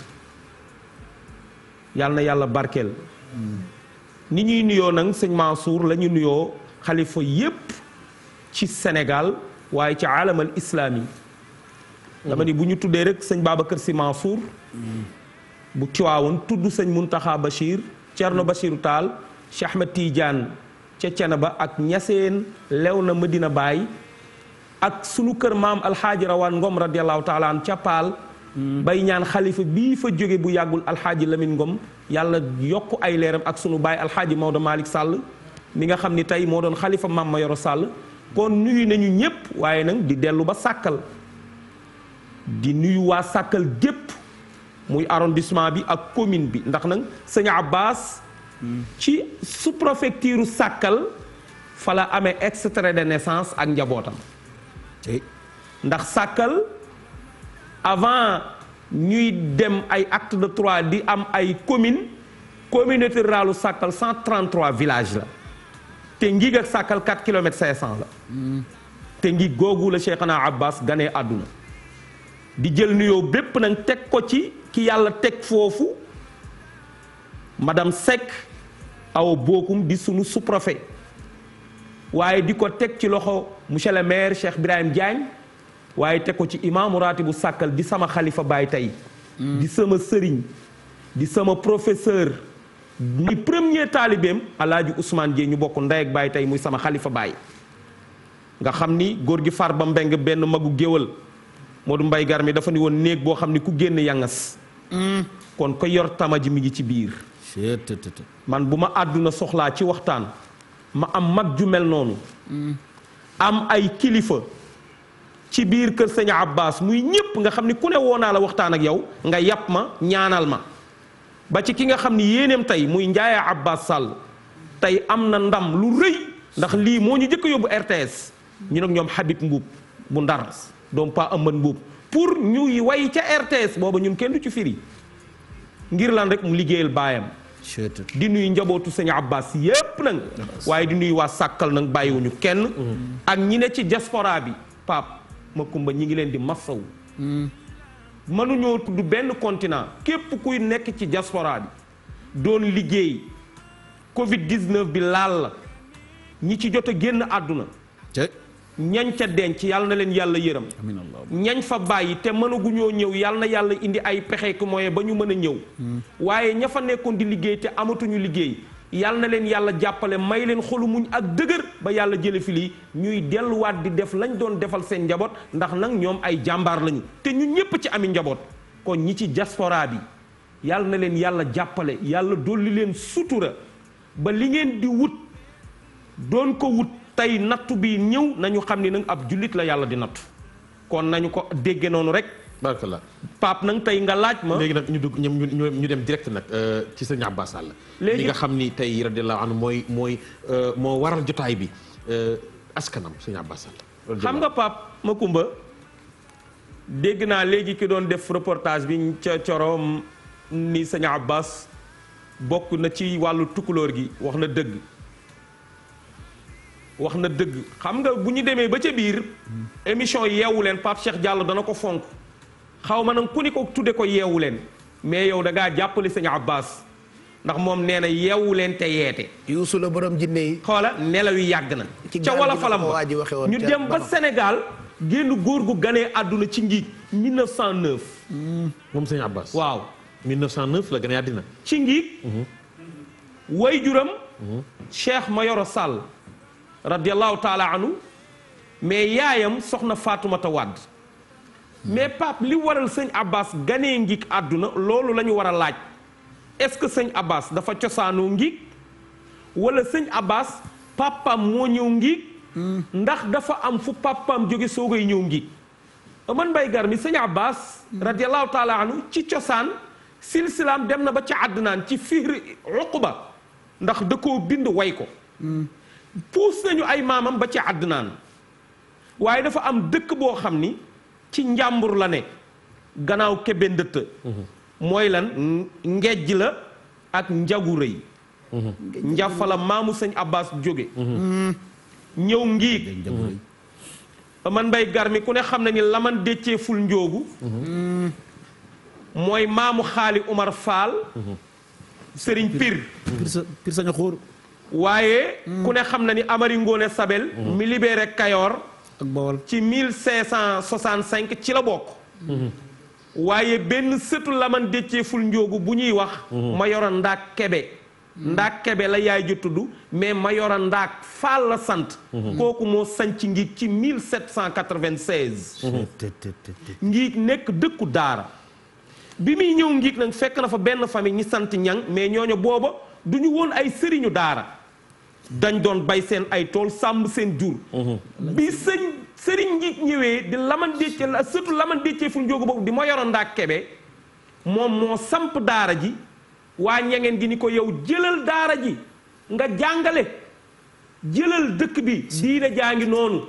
yàlla na yàlla barkeel ni ñuy nuyoo nag sëñ Mansour la nuyoo xalifa yépp ci senegaal waaye ci aalamal islaami dama ni bu ñu tuddee rek sëñ Babacar Sy Mansour bu Tiwaawoon tudd sëñ Muntaxa Bachir Cerno Bachiru Taal Cheikh Ahmed Tidiane ca Cenaba ak ñaseen lew na Medina Baye ak sunu kër maam alxaaji rawaan ngom radiallahu taala an ca paal bay ñaan xalifa bii fa jóge bu yàggul alxaaji lamin ngom yàlla yokk ay leeram ak sunu baay alxaaji Maodo malik sàll mi nga xam ni tey moo doon xalifa maam ma yoro sàll kon nuyu nañu ñëpp waaye nag di dellu ba sàkkal di nuyu waa sàkkal gépp muy arrondissement bi ak commune bi ndax nag sëñ Abbas ci sous-préfecture sàkkal fa la amee extrait de naissance ak njabootam ndax sàkkal avant ñuy dem ay acte de trois di am ay commune communauté ruralu sàkkal 133 villages la te ngig ak sàkkal 4 kilomètres 500 la mm. te ngi googu la Cheikhana Abbas ganee àdduna di jël nuyoo bépp nag teg ko ci ki yàlla teg foofu madame Seck aw bokkum di sunu sous-préfet waaye di ko teg ci loxo monsieur le maire Cheikh Birahim Diagne waaye teg ko ci imaamu bu sàkkal di sama xalifa baay tey hmm. di sama sëriñ di sama professeur ni premier taalibeem alaaji Ousmane Dieng ñu bokk ndey baay tey muy sama xalifa baay nga xam ni góor gi far ba mbeng benn magu géwal Modou mbay gar mi dafa ni woon néeg boo xam ni ku génn yangas hmm. kon ko yor tama ji ngi ci biir man bu ma àdduna soxlaa ci waxtaan ma am mag ju mel noonu hmm. am ay kilifa ci biir kër sëñ Abbas muy ñëpp nga xam ni ku ne woo naa la waxtaan ak yow nga yàpp ma ñaanal ma ba ci ki nga xam ni yéeneem tey muy Ndiaye Abbas Sall tey am na ndam lu rëy ndax lii moo ñu jëkk yóbbu RTS ñu nag ñoom Habib Mbuub bu Ndar doom pa Amad Mbuub pour ñuy way ca RTS boobu ñun kenn du ci firi ngir lan rek mu liggéeyal baayam di nuyu njabootu sëñ Abbas yépp nag waaye di nuyu waa sàkkal nag bàyyiwuñu kenn mm. ak ñi ne ci diaspora bi ma Makumba ñi ngi leen di massaw mm. mënuñoo tudd benn continent képp kuy nekk ci diaspora bi doon liggéey covid 19 bi laal la ñi ci jot a génn àdduna ñañ ca denc yàlla na leen yàlla yërëm ñañ fa bàyyi te mënaguñoo ñëw yàlla na yàlla indi ay pexe ku moyen ba ñu mën a ñëw hmm. waaye ña fa nekkoon di liggéey te amatuñu liggéey yàlla na leen yàlla jàppale may leen xolu ak dëgër ba yàlla jële fi lii ñuy delluwaat di def lañ doon defal seen njaboot ndax nag ñoom ay jàmbaar lañu te ñu ñëpp ci ami njaboot kon ñi ci diaspora bi yàlla na leen yàlla jàppale yàlla dolli leen sutura ba li ngeen di wut doon ko wut tey nattu bi ñëw nañu xam ni nag ab jullit la yàlla di nattu kon nañu ko dégge noonu rek. barkallah Pape nag tey nga laaj ma. léegi nag ñu dugg ñu ñu dem direct nag euh, ci sëñ Abbas Sall. léegi li nga xam ni tey radiyallahu anhu mooy mooy euh, moo waral jotaay bi euh, askanam sëñ Abbas Sall. xam nga Pape Makumba dégg naa léegi ki doon def reportage bi ca corom ni sëñ Abbas bokk na ci wàllu tukulóor gi wax na dëgg. wax na dëgg xam nga bu ñu demee ba ca biir émission yeewu leen Pape Cheikh jàll dana ko fonk xaw ma nag ku ni ko tudde ko yeewu leen mais yow da ngaa jàppale sëñ Abbas ndax moom nee na yeewu leen te yeete. yuusu la borom jinne yi. xoola nelaw yi yàgg na. ca wala falam ba ñu dem ba Sénégal. génn góor gu ganee àdduna ci ngiig 1909. Hmm. moom sëñ Abbas. waaw 1909 la ganee àddina. ci ngiig. Hmm. way juram. Hmm. Cheikh Mayoro Sall. radiallahu taala anhu mais yaayam soxna Faatumata Wàdd mais Pape li waral sëñ Abbas ganee ngiig àdduna loolu la ñu war a laaj est-ce que sëñ Abbas dafa cosaanoo ngiig wala sëñ Abbas papam moo ñëw ngiig ndax dafa am fu papam jóge soogay ñëw ngiig man bay gar mi sëñ Abbas radiallahu taala anhu ci cosaan silsilaam dem na ba ci àddunaan ci fiir ba ndax da koo bind way ko puus nañu ay maamam ba ci Adnaan waaye dafa am dëkk boo xam ni ci njàmbur la ne gannaaw kebe ndëtt mhm. mooy lan ngejj la ak njagu rëy mhm. njafa maamu sëñ Abbas jóge mhm. ñëw ngiig man bay gar ku ne xam na ni laman déccee ful njoogu mooy maamu xaali Umar Faal sëriñ Pir Pir sañ a xóor waaye ku ne xam na ni Amari Ngoone Sabel mi libéré Kayoor ak Bawol ci 1565 ci la bokk waaye benn sëtu laman déccee ful njóogu bu ñuy wax ma yoro ndaak kebe ndaak kebe la yaay ji tudd mais ma yoro ndaak faal la sant kooku moo sanc ngiig ci 1796 ngiig nekk dëkku daara bi muy ñëw ngiig nag fekk na fa benn famille ñi sant ñang mais ñooñu booba du ñu woon ay sëriñu daara dañ doon bay seen ay tool sàmm seen jur mhm. bi sëñ sëriñ njiit ñëwee di laman déccee surtout laman déccee fu njóogu bi ma yoroon ndaak kebe moom moo samp daara ji waa ñangeen gi ni ko yow jëlal daara ji nga jàngale jëlal dëkk bi diine jaa ngi noonu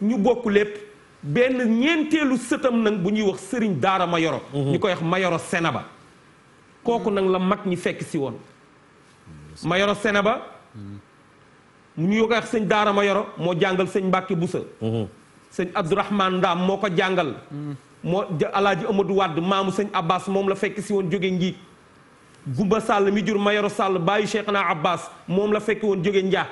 ñu bokk lépp benn ñeenteelu sëtam nag bu ñuy wax sëriñ daara Mayoro mhm. ñu koy wax Mayoro ba kooku nag la mag ñi fekk si woon mm. Mayoro ba mu ñu ko wax sëñ daara ma yoro moo jàngal sëñ Mbàkke Busa mhm. sëñ Abdourahman Ndaam moo ko jàngal mhm. moo alaaji Amadou Wadd maamu sëñ Abbas moom la fekk si woon jóge ngi Gumba Sall mi jur Mayoro Sall bàyyi Cheikhna Abbas moom la fekk woon jóge njaa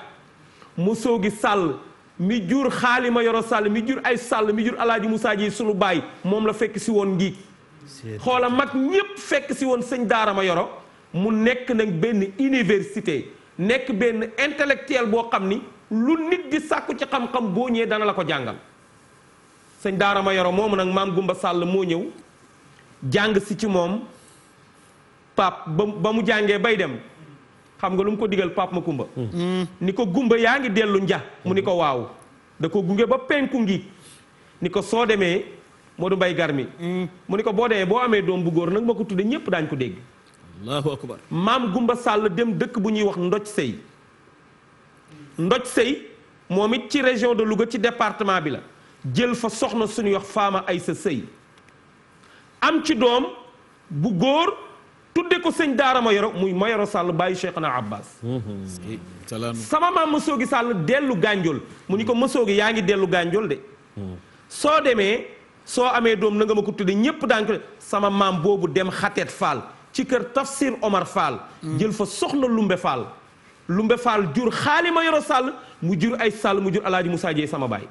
mu soogi Sall mi jur xaali yoro Sall mi jur ay Sall mi jur alaaji Moussa ji sunu baay moom la fekk si woon ngi xoola mag ñépp fekk si woon sëñ daara ma yoro mu nekk nag benn université nekk benn intellectuel boo xam ni lu nit di sàkku ci xam-xam boo ñëwee dana la ko jàngal sëñ Daara Mayoro moomu nag maam Gumba Sàll moo ñëw jàng si ci moom pap ba ba mu jàngee bay dem xam nga lu mu ko digal pap ma kumba hmm. ni ko gumba yaa ngi dellu nja mu ni ko waaw da ko gunge ba penku ngi ni ko soo demee moo du mbay gar mi hmm. mu ni ko boo demee boo amee doom bu góor nag ma ko tudde ñépp daañ ko dégg allahu akbar maam Gumba Sall dem dëkk bu ñuy wax Ndoj Sey Ndoj sëy moom it ci région de Louga ci département bi la jël fa soxna suñuy wax Faama Aysa Sey am ci doom bu góor tudde ko sëñ Daara Mayoro muy Mayoro Sall bàyyi Cheikhna Abbas sama maam Masoogi sàll dellu gànjool mu ni ko Masoogi yaa ngi dellu gànjool de soo demee soo amee doom nanga nga ma ko tudde ñépp daan sama maam boobu dem xateet faal ci kër Tafsir Omar Fall. jël fa soxna Lumbe Fall. Lumbe Fall jur xaali ma yoro sàll mu jur ay sàll mu jur alaaji Moussa Dieye sama baay.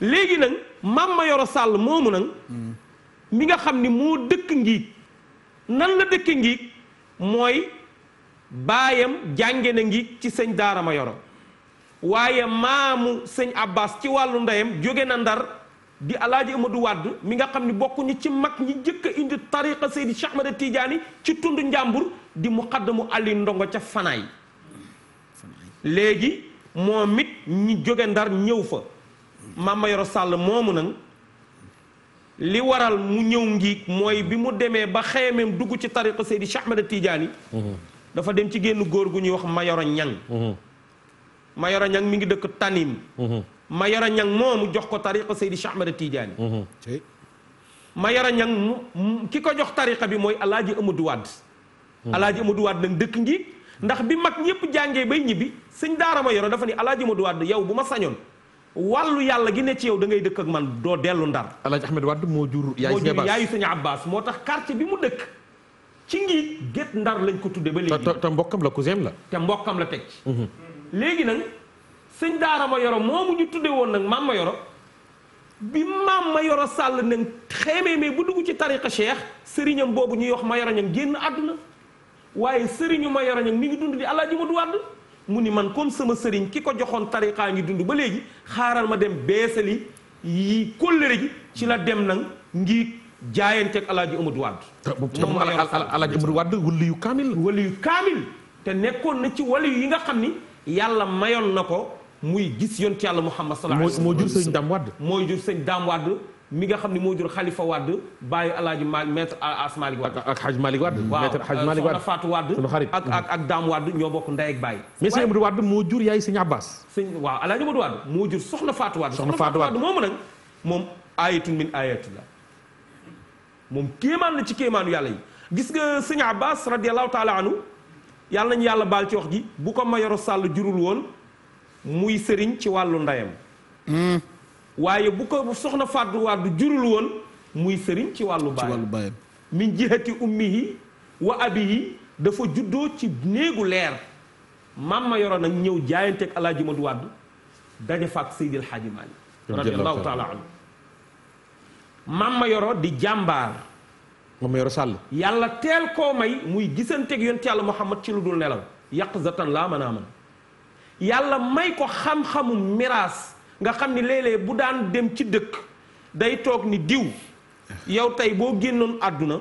léegi nag maam ma yoro sàll moomu nag. mi nga xam ni moo dëkk ngiig nan la dëkk ngiig mooy baayam jànge na ngiig ci sëñ Daara ma yoro waaye maamu sëñ Abbas ci wàllu ndeyam jóge na ndar. di alaaji du Wade mi nga xam ne bokkuñu ci mag ñi njëkk a indi tariqa Seydi Cheikh Ahmed Tidiane ci tund njàmbur di mu xadd muqaddamu Ali Ndongo ca Fanaay léegi moom mit ñi jóge ndar ñëw fa ma Mayoro Sàll moomu nag li waral mu ñëw ngiig mooy bi mu demee ba xeemeem dugg ci tariqa Seydi Cheikh Ahmed Tidiane dafa dem ci génn góor gu ñuy wax Mayoro Ñang mm-hmm. Mayoro Ñang mi ngi dëkk Tanim mm-hmm. ma yara moo moomu jox ko tariqa Seydi Cheikh mhm. a Tidiane ma yara ñang ki ko jox tariqa bi mooy alaaji Amadou Wade mhm. alaaji Amadou Wade dëkk ngi ndax bi mag ñëpp jàngee bay ñibbi sëñ daara ma yoro dafa ni alaaji Amadou Wade yow bu ma sañoon wàllu yàlla gi ne ci yow da ngay dëkk ak man doo dellu ndar alaaji Ahmed Wade moo jur moo jur yaayu sëñ Abbas moo tax quartier bi mu dëkk ci ngi gét ndar lañ ko tudde ba léegi te mbokkam la cousin la te mbokkam la teg sëñ daara ma yoro moomu ñu tudde woon nag maam ma yoro bi maam ma yoro sàll nag xeemeemee bu dugg ci tariqa cheikh sëriñam boobu ñuy wax ma yoro ñang génn àdduna waaye sëriñu ma yoro ñang mi ngi dund di allah ji ma du wàdd mu ni man comme sama sëriñ ki ko joxoon tariqaa ngi dund ba léegi xaaral ma dem beesali yi kóllëre ji ci la dem nag ngi jaayanteeg alaaji Amadou Wade moom alaaji Amadou kaamil waliyu kaamil te nekkoon na ci waliyu yi nga xam ni yàlla mayoon na ko muy gis yoon yonent yàlla Muhammad sallallahu alayhi wa sallam moo jur sëñ Dame Wade mooy jur sëñ Dame mi nga xam ne moo jur xalifa wàdd bàyyi alaaji Malick maître As Malick Wade ak Hadj Malick Wade maître Hadj Malick Wade waaw ñoo bokk ndey ak baay mais sëñ Amadou Wade moo jur yaay sëñ Abbas sëñ waaw alaaji Amadou Wade moo jur soxna Fatou Wade soxna Fatou Wade moomu nag moom ayatun min ayatullah moom kéemaan na ci kéemaanu yàlla yi gis nga sëñ Abbas radiallahu taala anhu yàlla nañu yàlla baal ci wax gi bu ko ma Mayoro Sall jurul woon muy sëriñ ci wàllu ndeyam hmm. waaye bu ko soxna fàddu wàddu jurul woon muy sëriñ ci wàllu baayam min jihati ummihi wa abihi dafa juddoo ci néegu leer maam ma yoroon nag ñëw jaayanteeg alaaji Madu wàddu daje fa ak Seydil Hadji Malick radiallahu taala anhu maam ma yoro di jàmbaar maam ma yoro sàll yàlla teel koo may muy gisanteeg yonent yàlla Muhammad ci lu dul nelaw yàq zatan laa mën a yàlla may ko xam-xamu miraas nga xam ni léeg-léeg bu daan dem ci dëkk day toog ni diw yow tey boo génnoon àdduna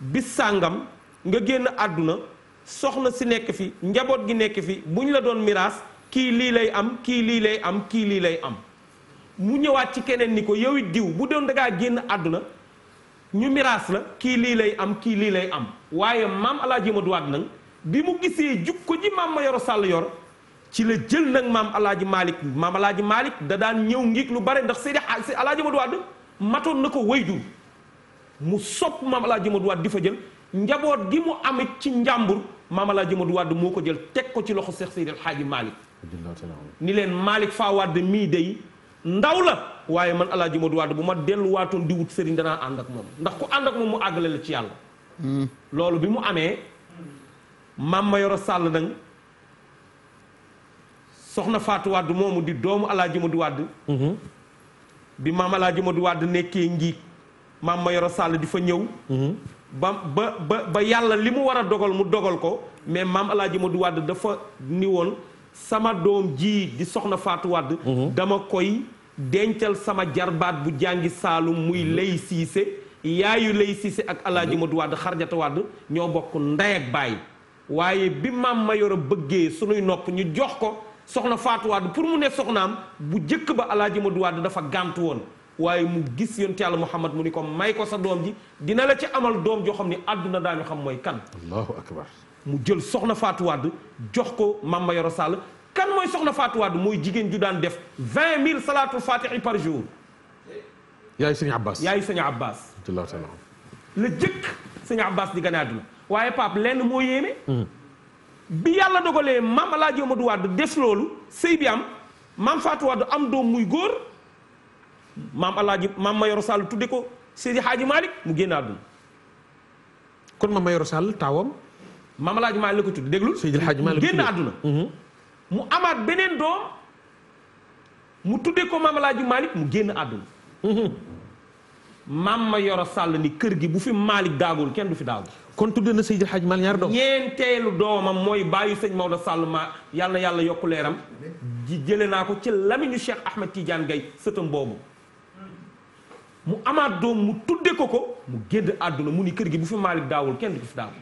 bis sàngam nga génn àdduna soxna si nekk fi njaboot gi nekk fi bu ñu la doon miraas kii lii lay am kii lii lay am kii lii lay am mu ñëwaat ci keneen ni ko yow it bu doon dangaa génn àdduna ñu miraas la kii lii lay am kii lii lay am waaye maam alaaji ma duwaat nag bi mu gisee jukko ji maam ma yoro sàll yor ci la jël nag maam alaaji Malick maam alaaji Malick da daan ñëw ngiig lu bare ndax Seydi alaaji Modou Wade matoon na ko wayjur mu sopp maam alaaji Modou Wade di fa jël njaboot gi mu amee ci njàmbur maam alaaji Modou moo ko jël teg ko ci loxo Seex Seydi alaaji Malick ni leen Malick faa mii day ndaw la waaye man alaaji Modou bu ma delluwaatoon di sëriñ danaa ànd moom ndax ku ànd ak mu àggale la ci yàlla hmm. loolu bi mu amee maam ma yoro sàll nag soxna Fatou Wade moomu di doomu Alaaji du Wade mhm. bi maam Alaaji Madu Wade nekkee ngi maam Mayoro Sall di fa ñëw mhm. ba ba ba ba yàlla li mu war a dogal mu dogal ko mais maam Alaaji Madu Wade dafa ni woon sama doom ji di soxna Fatou mhm. dama koy dencal sama jarbaat bu jàngi saalum muy lay siise yaayu lay siise ak Alaaji Madu Wade Xarjata Wade ñoo bokk ndey ak baay waaye bi maam yore bëggee sunuy nopp ñu jox ko soxna Fatou Wade pour mu ne soxnaam bu jëkk ba alaaji Madou dafa gàntu woon waaye mu gis yonent yàlla Muhammad mu ni ko may ko sa doom ji dina la ci amal doom joo xam ni àdduna daañu xam mooy kan. allahu akbar mu jël soxna Fatou jox ko Mame Sall kan mooy soxna Fatou mooy jigéen ju daan def vingt mille salaatul faatihi par jour. yaayu sëñ Abbas yaayu sëñ Abbas. la jëkk sëñ Abbas di gane àdduna waaye Pape lenn moo yéeme. Hmm. bi yàlla dogalee maam Alaaji Amadou Wade def loolu sëy bi am maam Fatou Wade am doom muy góor maam Alaaji maam Mayoro Sall tudde ko Seydi Hadji Malick mu génn àdduna kon maam Mayoro Sall taawam maam Alaaji Malick la ko tudde déglul Seydi génn àdduna mhm. mu amaat beneen doom mu tudde ko maam Alaaji Malick mu génn àdduna mhm. maam Mayoro Sall ni kër gi bu fi Malick daagul kenn du fi daagul kon tudd na Seydil Hadj Mal ñaar doom ñeenteelu doomam mooy bàyyi sëñ Maodo Sall ma yàlla yàlla yokku leeram ji jële naa ko ci lamiñu Cheikh Ahmed Tidiane gay sëtam boobu mu amaat doom mu tudde ko ko mu génn àdduna mu ni kër gi bu fi Malick daawul kenn du ko fi daawul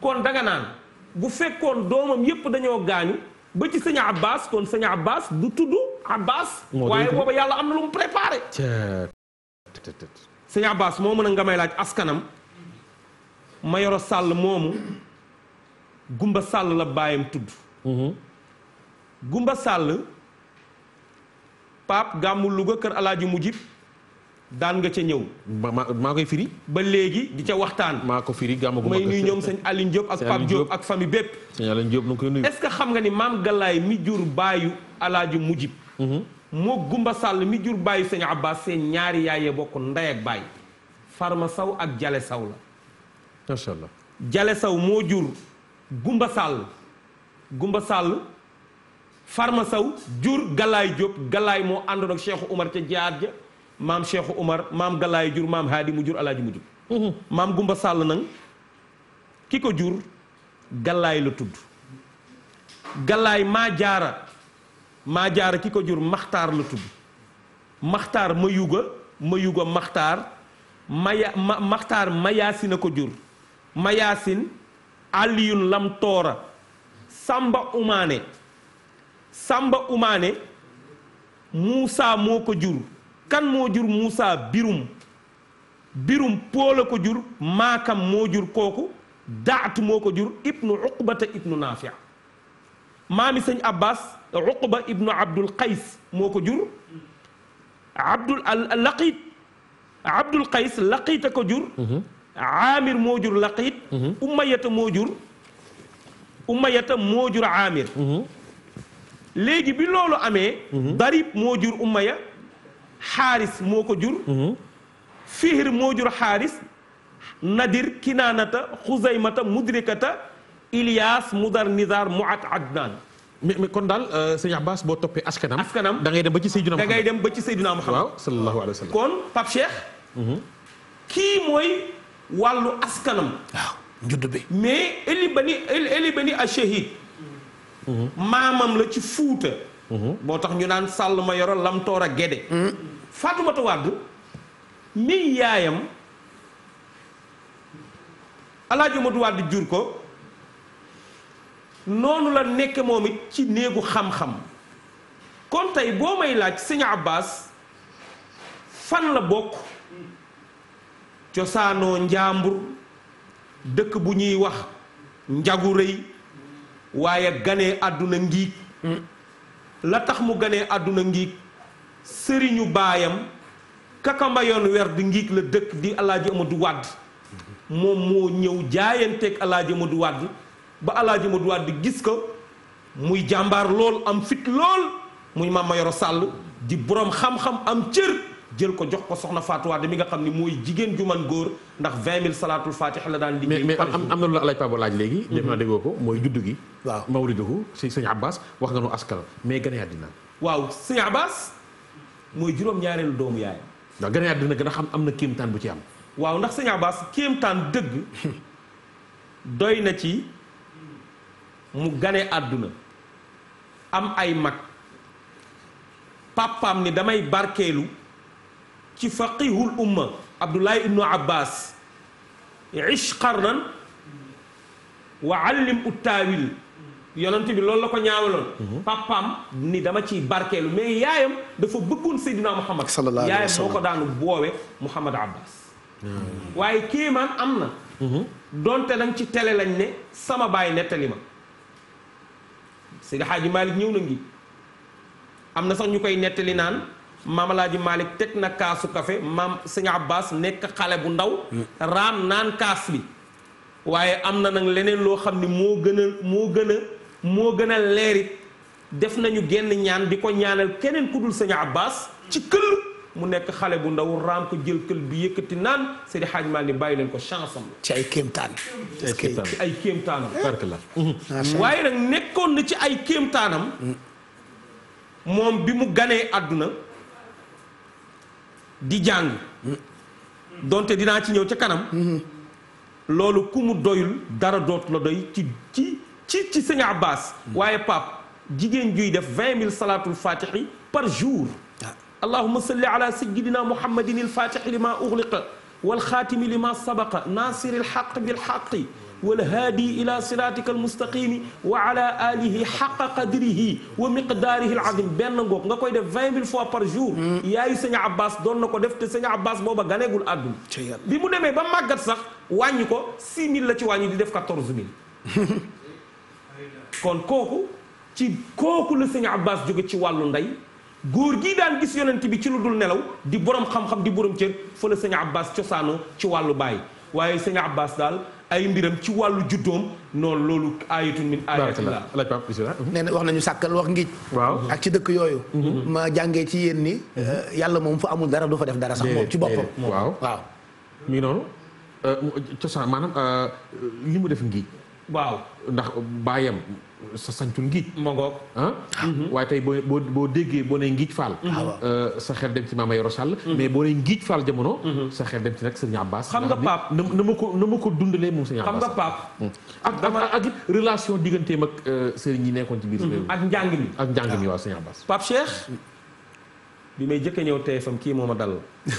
kon danga naan bu fekkoon doomam yépp dañoo gaañu ba ci sëñ Abbas kon sëñ Abbas du tudd Abbas waaye booba yàlla am na lu mu préparé sëñ Abbas moo mën a nga may laaj askanam Mayoro Sàll moomu Gumba Sàll la baayam tudd mhm. Gumba Sàll Pape gàmmu Louga kër Alaaji Mujib daan nga ca ñëw. maa koy firi. ba léegi di ca waxtaan. maa ko firi gàmmu may nuyu ñoom sëñ Aline Diop ak Pape Diop ak famille bépp. sëñ Aline Diop nu koy nuyu. est-ce que xam nga ni maam Galaay mi jur baayu Alaaji Mujib. Mhm. moo Gumba Sàll mi jur baayu sëñ Abbas seen ñaari yaayee bokk ndey ak baay. Farma Saw ak Jale Saw la. macha Jale Saw moo jur Gumba Sall Gumba sàll Farma Saw jur Galaay Diop Galaay moo ànd ak Cheikh Umar ca jaar ja maam Cheikh Umar maam Galaay jur maam Haadi mu jur Alaaji mu jur mhm. maam Gumba Sall nag ki ko jur Galaay la tudd Galaay maa jaara maa jaara ki ko jur Maxtaar la tudd Maxtaar ma yuga ma yuga Maxtaar ma Maxtaar ko jur Mayasin Aliyun Lam Toora Samba Umaane Samba Umaane Moussa moo ko jur kan moo jur muusa birum birum poola ko jur maakam moo jur kooku daatu moo ko jur ibnu uqbata ibnu naafia maami sëñ abbas uqba ibnu abdul qays moo ko jur abdul laqit abdul qays laqita ko jur mhm. Amir moo jur Laqit. Mhm. Umayata moo jur Umayata moo jur Amir. Mhm. léegi bi loolu amee. Mhm. Darib moo jur Umaya xaaris moo ko jur. Fihir moo jur xaaris. Nadir Kinaanata Xuzaymata Mudrikata Ilias Mudar Nizar Muat Adnan. mais mais kon daal euh, sëñ Abbas boo toppee askanam. askanam da ngay dem ba ci Seydina Muhammad da ngay dem ba ci Seydina Muhammad. waaw kon Pape Cheikh. kii mooy. wàllu askanam. waaw njudd bi. mais Eli Bani Eli Bani mhm. maamam la ci fuuta. boo mhm. tax ñu naan sàll ma yoro lamtoor a gede. Mhm. Fatoumata Wade mi yaayam Alaaji Madu Wade jur ko noonu la nekk moom it ci néegu xam-xam kon tey boo may laaj sëñ Abbas fan la bokk. cosaanoo njàmbur dëkk bu ñuy wax njagu rëy waaye ganee àdduna ngiig la tax mu gane àdduna ngiig sëriñu baayam kakambayoon yoon wer di ngiig la dëkk di alaaji du Wàdd moom moo ñëw alaaju alaaji du Wàdd ba alaaji Amadou Wàdd gis ko muy jàmbaar lool am fit lool muy Mame Mayoro Sàll di boroom xam-xam am cër jël ko jox ko soxna Fatou Wade mi nga xam ni mooy jigéen ju man góor ndax mille salaatul faatiha la daan liggéey. mais mais am na lu la Alaaji Pape laaj léegi. Mhm. def naa déggoo ko mooy juddu gi. waaw mawliduhu si sëñ Abbas wax nga nu askan mais gane àddina waaw sëñ Abbas mooy juróom doomu yaayam. ndax gane àddina gën a xam am na kéemtaan bu ci am. waaw ndax sëñ Abbas kéemtaan dëgg doy na ci mu gane àdduna am ay mag papaam ni damay barkeelu. ci faqihul umma abdullahi ibnu abbas ish bi loolu la ko ñaawaloon mhm. papaam dama ciy barkeelu mais yaayam dafa bëggoon seydina muhammad yaayam moo ko daanu boowe muhammad abbas hmm. waaye kéemaan am na mhm. donte nag ci tele lañ ne sama baay nettali ma Seydi Xaaji Maalik ñëw na ngi am na sax ñu koy nettali naan maam Alaaji Malick teg na kaasu café maam sëñ Abbas nekk xale bu ndaw raam naan kaas bi waaye am na nag leneen loo xam ni moo gën a moo gën a moo gën a leerit def nañu genn ñaan di ko ñaanal keneen ku dul sëñ Abbas ci këll mu nekk xale bu ndaw raam ko jël kël bi yëkkati naan Seydi xaaj Malick ni bàyyi leen ko chance am la ci ay kéemtaan ay kéemtaanam waaye nag nekkoon na ci ay kéemtaanam moom bi mu ganee àdduna di jàng donte dinaa ci ñëw ca kanam loolu ku mu doyul dara dootu la doy ci ci ci ci sëñ Abbas waaye Pape jigéen juy def vingt mille salaatul fatixi par jour allahuma salli ala sayidina muhammadin il fatixi li ma uxliqa walxaatimi li ma sabaqa nasiri lxaq bilxaqi والهادي إلى صراطك المستقيم وعلى آله حق قدره ومقداره العظيم benn ngoog nga koy def vingt mille fois par jour. Hmm. yaayu sëñ Abbas doon na ko def te sëñ Abbas booba ganeegul àdduna. bi mu demee ba màggat sax wàññi ko six mille la ci wàññi di def quatorze mille. kon kooku ci kooku la sëñ Abbas jóge ci wàllu ndey. góor gii daan gis yonent bi ci lu dul nelaw di borom xam-xam di borom cër fa la sëñ Abbas cosaanoo ci wàllu baay waaye sëñ Abbas daal. ay mbiram ci wàllu juddoom noonu loolu aayatun min aayatullah mhm. nee na wax nañu sàkkal wax ngic waaw ak ci dëkk yooyu mhm. ma jàngee ci yéen ni mhm. eh, yàlla moom fu amul dara du fa def dara sax moom ci boppam waaw waaw mi ngi noonu eh, cosaan maanaam eh, li mu def ngic waaw ndax baayam sa sañtul ngiij moo ngoog ah? mhm. waaye tey boo boo boo déggee boo nee ngiij faal mhm. ah, euh, sa xel dem ci maama Yoro Sall mhm. mais boo nee ngiij faal jamono sa xel dem ci rek sëriñ Abbas xam nga Pape na ma ko na ma ko dundalee moom sëriñ Abbas xam nga hmm. ak relation digganteem ak euh, sëriñ yi nekkoon ci biir réew ak njàng mi ak njàng mi ah. waaw sëriñ Abbas Pape Cheikh bi may jëkk a ñëw TFM kii moom a dal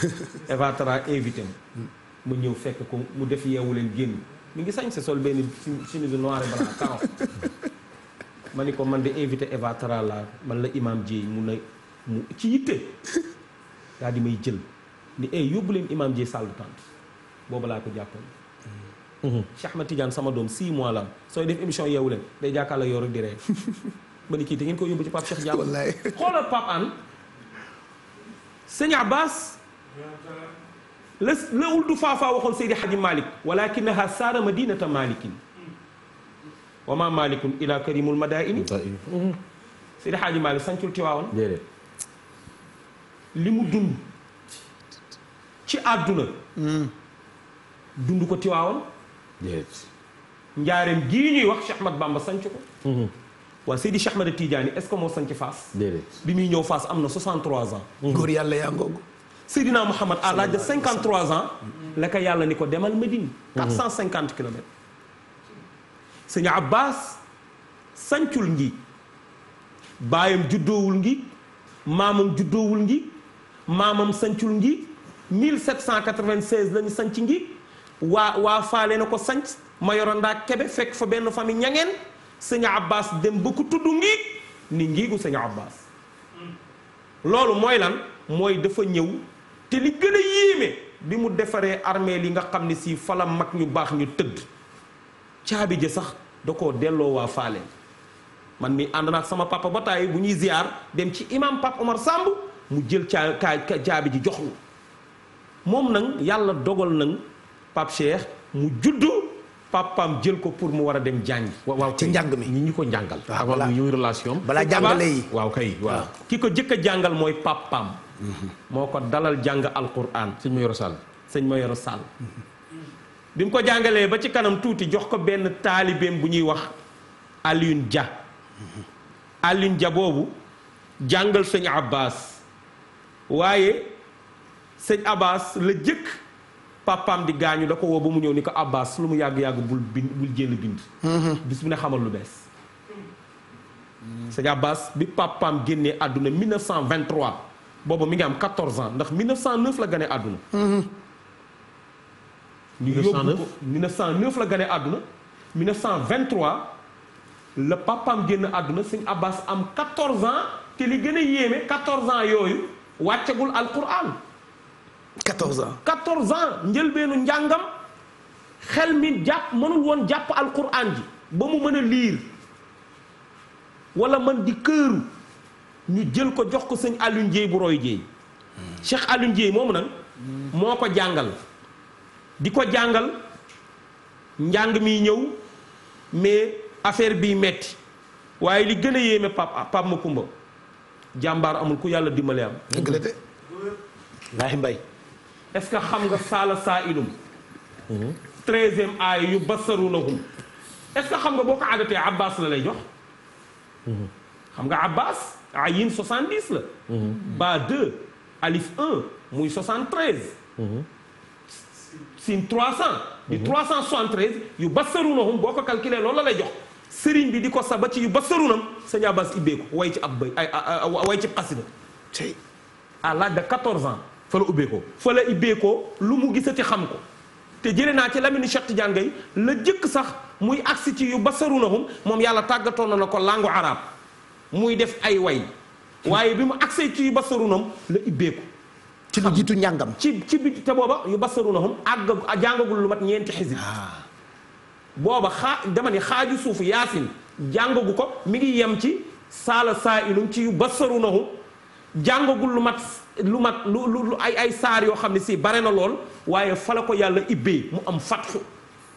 Eva Tra invité hmm. mu ñëw fekk ko mu def yeewu leen génn mi ngi sañ sa sol benn chemise su et blanc kaw ma ni ko man de invité Eva Tra man la imam Dieye mu ne mu ci yitte daal di may jël ni eh yóbbu leen imam Dieye salle d'attente boobu laa ko jàppoon. Mm-hmm. Cheikh Ahmed Tidiane sama doom 6 mois la am sooy def émission yeewu leen day jàkkaarloo yow rek di ree ba ni kii te ngeen ko yóbbu ci Pape Cheikh Diallo. wallaay xoolal An. sëñ Abbas. la la uldu faafaa waxoon Seydi Hadji Malick walakinaha saara madinata malikin wa ma malikun ila karimul madaini Seydi Hadji Malick sancul Tiwaawan li mu dund ci àdduna hmm. dund ko Tiwaawan njaareem gii ñuy wax Cheikh Ahmad Bamba sanc ko hmm. waa Seydi Cheikh Ahmad Tidiane est-ce que bi muy ñëw Faas am na 63 ans hmm. góor yàlla yaa ngoogu Seydina Mouhamad à l'âge de ans la ko yàlla ni ko demal Médine 450 mhm. kilomètres sëñ Abbas sancul ngi baayam juddoowul ngi maamam juddoowul ngi maamam sancul ngi 1796 lañu sanc ngi waa waa faale na ko sanc ma yoroon daa kebe fekk fa benn famille ñangeen sëñ Abbas dem ba ku tudd ngi ni ngiigu sëñ Abbas mm. loolu mooy lan mooy dafa ñëw te li gën a yéeme bi mu defaree armée li nga xam ne si falam mag ñu baax ñu tëdd caabi ja sax da ko delloo waa faaleen man mi ànd naa ak sama papa ba taay bu ñuy ziar dem ci imam Pape Omar Samb mu jël caa caabi ji jox ñu moom nag yàlla dogal nag Pape Cheikh mu juddu papaam jël ko pour mu war a dem jàngi. waaw ci njàng mi ñi ñu ko njàngal. waaw ah, ak ñuy relation balaa jàngale yi waaw kay waaw. Ah. ki ko jëkk a jàngal mooy papaam. moo ko dalal jàng alquran sëñ Mayoro Sall sëñ Mayoro Sall bi mu ko jàngalee ba ci kanam tuuti jox ko benn taalibeem bu ñuy wax Alioune ja Alioune Dia boobu jàngal sëñ Abbas waaye sëñ Abbas la jëkk papaam di gaañu da ko woo ba mu ñëw ni ko Abbas lu mu yàgg-yàgg bul bind bul jéll bind bis bu ne xamal lu bees sëñ Abbas bi papaam génnee àdduna 1923 boobu mi ngi am 14 ans ndax 1909 la gane àdduna. 1909 mhm. 1909 la gane àdduna. 1923 la papaam génn àdduna sëñ Abbas am 14 ans te li gën a yéeme 14 ans yooyu wàccagul alquran. 14 ans 14 ans njëlbeenu njàngam xel mi jàpp mënul woon jàpp al alquran ji ba mu mën a liir wala man di këru. ñu jël ko jox ko sëñ Alioune Dieye bu Roy Dieye Cheikh Alioune moom moomu nag moo ko jàngal di ko jàngal njàng mi ñëw mais affaire bi metti waaye li gën a yéeme pap pap ma kumba jàmbaar amul ku yàlla dimbale am dëgg mbay est ce que xam nga saala saa ilum mhm. treizième aay yu basarunahum est ce que xam nga boo ko àggatee abbas la lay jox mhm. xam nga abbas ayin 70 la mhm. ba 2 alif 1 muy 73 mhm. sin 300 di 373 mhm. yu basarunahum boo ko calculé loolu lay jox sëriñ bi di ko saba ci yu basarunam sëñ Abbas ibbeeku way ci ab bay way ci xasida tey à de 14 ans fa la ubbeekoo fa la ibbeekoo lu mu ci xam ko te jëlee naa ci Lamine Cheikh Tidiane Gaye la jëkk sax muy agsi ci yu basarunahum moom yàlla tàggatoo na ko langu arab muy def ay way waaye bi mu agsee ci yu basarunam la ibbeeku ci lu jiitu njàngam ci ci bi te booba yu basarunahum àgg jàngagul lu mat ñeenti xisib ah. booba xaa dama suufu yaasin jàngagu ko mi ngi yem ci saala saa ilum ci yu jàngagul lu mat lu mat lu ay saar yoo xam ne si bare na lool waaye fala ko yàlla ibbee mu am fatxu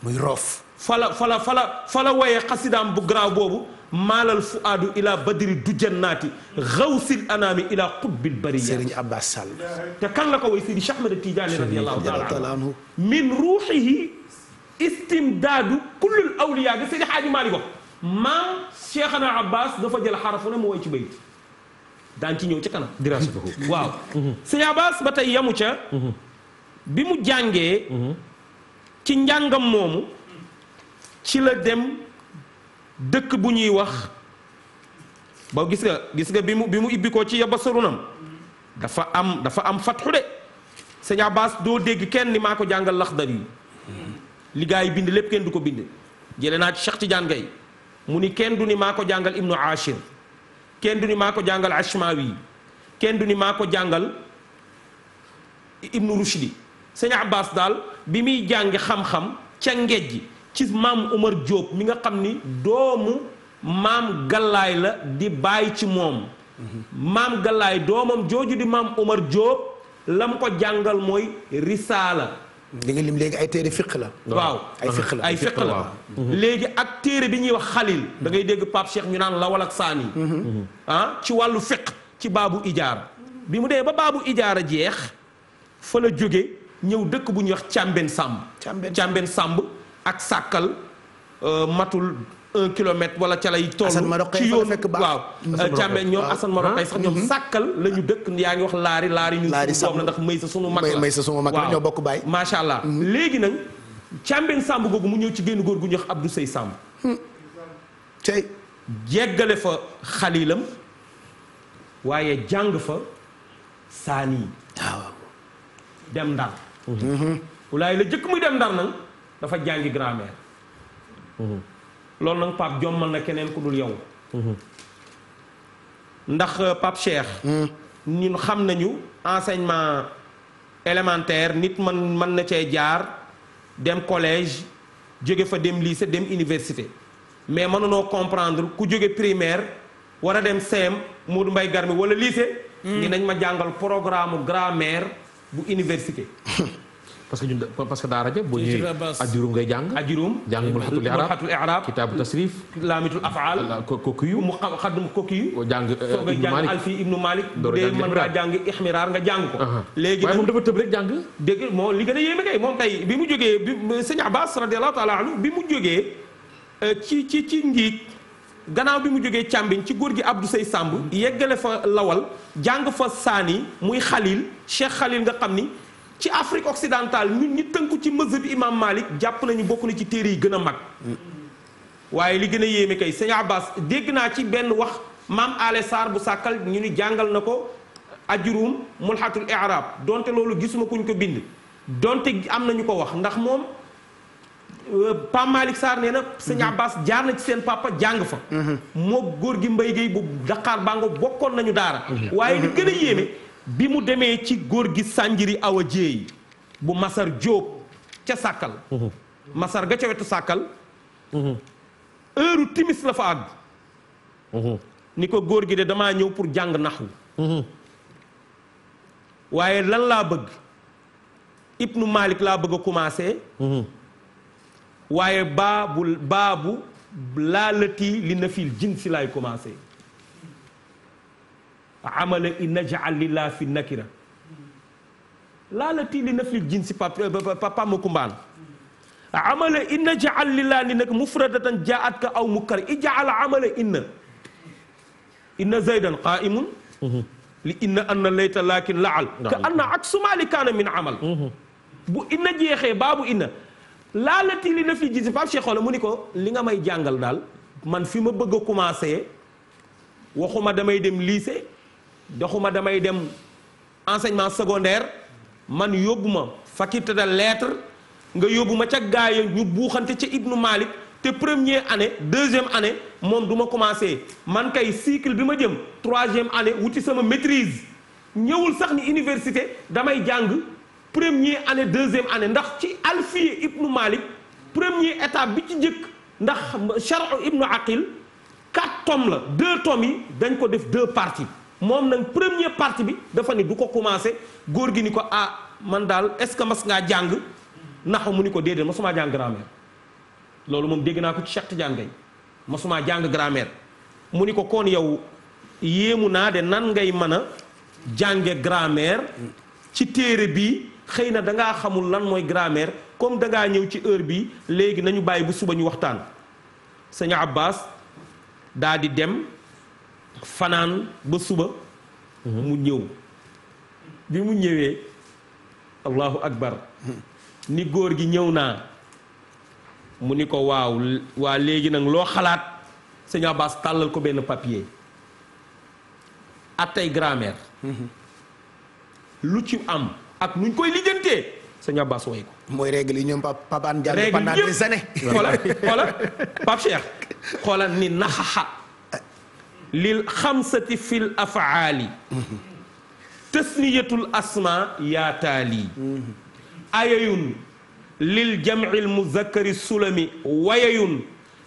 muy roof fala fala fala fala woyee xasidaam bu garaaw boobu maalal fuaadu ila badiri du jannaati xawsil te kan la ko woy Seydi Cheikh Ahmed Tidiane radiyallahu taala anhu min ruuxihi istimdaadu dafa jël xarafu ne mu woy ci bayit daan ci ñëw ca kanam dirasa ko waaw Seydi ba tey yamu ca bi mu jàngee mhm. ci njàngam moomu ci la dem dëkk bu ñuy wax ba gis nga gis nga bi mu bi mu ibbi ko ci yabasarunam dafa am dafa am fatxu de sëñ baas doo dégg kenn ni maa ko jàngal laxdar yi li yi bind lépp kenn du ko bind jële naa ci Cheikh mu ni kenn du ni maa ko jàngal ibnu Achir kenn du ni maa ko jàngal Ashmawi kenn du ni maa jàngal ibnu Rushdi daal bi muy jàngi xam-xam ca ngejji ci maam Umar Diop mi nga xam ni doomu maam Gallaay la di bàyyi ci moom maam Gallaay doomam jooju di maam Umar Diop la mu ko jàngal mooy risaala li nga lim léegi ay téere fiq la waaw ay fiq la ay fiq ak téere bi ñuy wax xalil dangay dégg Pape Cheikh ñu naan lawal ak saani ah ci wàllu fiq ci baabu ijaar bi mu dee ba baabu a jeex fa la jóge ñëw dëkk bu ñuy wax càmben sàmb càmben sàmb ak sàkkal euh, matul un kilomètre wala ca lay toll ci yoon waaw càmmee euh, ñoom Assane Maro kay sax ñoom sàkkal la ñu dëkk yaa ngi wax laari laari ñu doom la ndax may sa sunu mag la may sa sunu mag la ñoo bokk baay macha allah léegi nag càmbeen sàmb googu mu ñëw ci génn góor gu ñu wax Abdou Sey Samb tey jeggale fa xalilam waaye jàng fa saani yi ah, dem ndar la jëkk muy dem ndar nag dafa jàngi grammaire mhm. loolu nag Pape mën na keneen ku dul yow mhm. ndax euh, Pape Cheikh hmm. ñun xam nañu enseignement élémentaire nit man mën na cee jaar dem collège jóge fa dem lycée dem université mais mënunoo comprendre ku jóge primaire war a dem CM Modou Mbaye Garmi wala lycée. Hmm. ni nañ ma jàngal programme grammaire bu iniversité parce que ñun parce que daara boo ñëwee ajurum ngay jàng. ajurum jàng mulxatul i'raab mulxatul i'raab kitaabu tasrif. laamitul afaal kooku yu mu xaddum kooku yu. jàng euh, alfi ibnu Malik. door a mën ngaa jàng ixmiraar nga jàng ko. léegi waaye moom dafa tëb rek jàng. dégg moom li gën a yéeme kay bi mu jógee bi sëñ Abbas radiyallahu bi mu jógee euh, ci ci ci ngiig gannaaw bi mu jógee càmbin ci góor gi Abdou Sey Samb yeggale fa lawal jàng fa saani muy xalil Cheikh Xalil nga xam ni ci Afrique occidentale ñu ñi tënku ci mazhab imam Malik jàpp nañu bokk na ci téere yi gën a mag waaye li gën a yéeme kay sëñ Abbas dégg naa ci benn wax maam Ale Sarr bu sàkkal ñu ni jàngal na ko ajurum mulhatul i'rab donte loolu gisuma kuñ ko bind donte am nañu ko wax ndax moom euh, Pam Malick Sarr nee na sëñ mhm. Abbas jaar na ci seen papa jàng fa mhm. moo góor gi mbay géey bu Dakar bango bokkoon nañu daara mhm. waaye li gën a yéeme bi mu demee ci góor gi sànjiri a jéey bu masar jóob ca sàkkal mhm. masar ga ca wetu sàkkal mhm. heure timis la fa àgg mhm. ni ko góor gi de dama ñëw pour jàng nax waaye lan laa bëgg ibnu malik laa bëgg a commencé waaye baabu baabu laalati li na fiil jin laay commencé amala in najal lillah fi nakira laala tii li naflil jinsi papa makumbaan amala in najal lillah li nag mufradatan jaat ka aw mukkar ijaal amala inna inna zaydan qaimun li inna anna layta lakin laal ka anna ak sumaali kaana min amal mhm. bu inna jeexee baabu inna laalati li na fi gis Pape Cheikh xoola mu ni ko li nga may jàngal daal man fi ma bëgg a commencé waxuma damay dem lycée doxuma damay dem enseignement secondaire man yóbbu ma faculté de lettres nga yóbbu ma ca gaaya ñu buuxante ca Ibnu Malik te premier année deuxième année moom du ma commencé man kay cycle bi ma jëm troisième année wuti sama maîtrise ñëwul sax ni université damay jàng première année deuxième année ndax ci alfiye ibnu malik première étape bi ci njëkk ndax charu ibnu aqil quatre tomes la deux tomes yi dañ ko def deux parties moom nag première partie bi dafa ni du ko commencé góor gi ni ko ah man daal est-ce que mas ngaa jàng nax mu ni ko déedéet masumaa jàng grammaire loolu moom dégg naa ko ci Cheikh Tidiane masumaa jàng grammaire mu ni ko kon yow yéemu naa de nan ngay mën a jànge grammaire ci téere bi xëy na dangaa xamul lan mooy grammaire comme dangaa ñëw ci heure bi léegi nañu bàyyi bu suba ñu waxtaan sëñ Abbas daa di dem fanaan ba suba mu ñëw bi mu ñëwee allahu akbar ni góor gi ñëw naa mu ni ko waaw waa léegi nag loo xalaat sëñ Abbas tàllal ko benn papier attey grammaire lu ci am ak nuñ koy lijjantee sëñ Abbas way ko mooy règle yi ñoom Pape An Diallo pendant des années xoola xoola Pape Cheikh ni naxaxa lil xamsati fil afaali tasniyatul asma yaataali ayayun lil jamci muzakkari sulami wayayun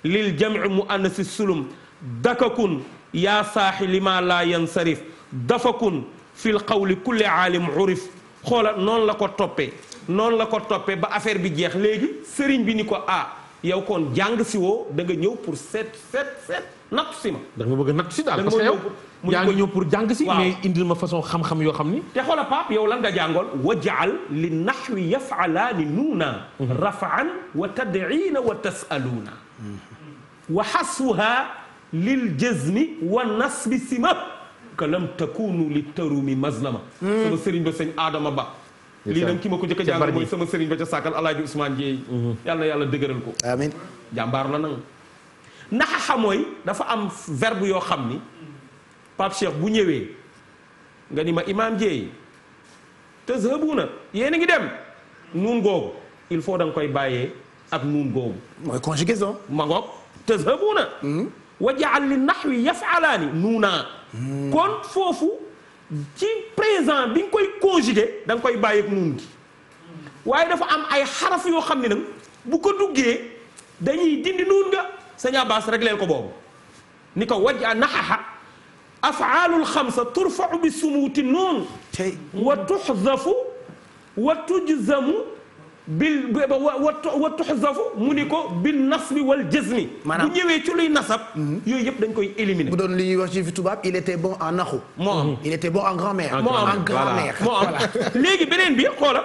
lil jamci mu anasi sulum dakakun yaa saaxi lima laa yansarif dafakun fil qawli kulli aalim urif xoola noonu la ko toppee noonu la ko toppee ba affaire bi jeex léegi sëriñ bi ni ko ah yow kon jàng si woo da ñëw pour seet seet seet nattu si ma. da nga bëgg a si daal parce que mu yaa ngi ñëw pour jàng si. mais indil ma façon xam yoo xam ni. te xoola Pape yow lan nga jàngoon. wajaal li naxwi yafalaani nuuna. Mhm. rafaan wa tadciina wa tasaluuna. wa xaswuha lil jazmi wa si ma ka lam takunu li tarumi ma hmm. sama sëriñ ba sëñ Adama Ba. lii nag ki ma ko jëkk a jàng sama sëriñ ba ca Sakal Alaaji Ousmane Dieye. Mhm. yàlla na yàlla dëgëral ko. jàmbaar la nag. naxaxa mooy dafa am verbe yoo xam ni Pape Cheikh bu ñëwee nga ni ma imaam Dieye tazhabuna yéen a ngi dem nuun googu il faut danga koy bàyyee ak nuun googu. mooy conjugaison. ma ngoog tazhabuna. Hmm. wa jaal li naxwi yafalaani nuunaa. Hmm. kon foofu ci présent bi nga koy koy bàyyee ak gi hmm. waaye dafa am ay xaraf yoo xam ne nag bu ko duggee dañuy dindi nuun nga. sëñ Abbas régleel ko boobu ni ko waj a naxaxa afaalul xamsa turfau bi sumuuti noonu wa tuxzafu wa tujzamu bil wa tuxzafu mu ni ko bil nasbi wal jazmi bu ñëwee ci luy nasab mhm. yooyu yëpp dañ koy éliminer bu doon li ñuy wax ci fi tubaab il était bon en naxu moo am il était bon en grand-mère ah, moo am en grand-mère moo am léegi beneen bi xoola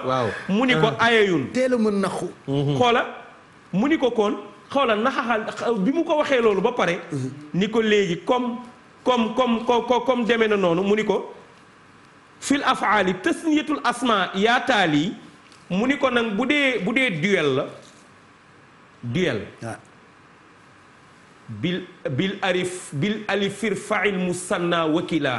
mu ni ko ah. ayayun teel a mën naxu xoola mu ni ko koon xoolal naxaxal bi mu ko waxee loolu ba pare mm-hmm. ni ko léegi comme comme comme comme comme demee na noonu mu ni ko fil afaali tasniyatul asma yaataal yi mu ni ko nag bu dee bu dee duel la duel ah. bil bil arif bil alifir fail musanna wakila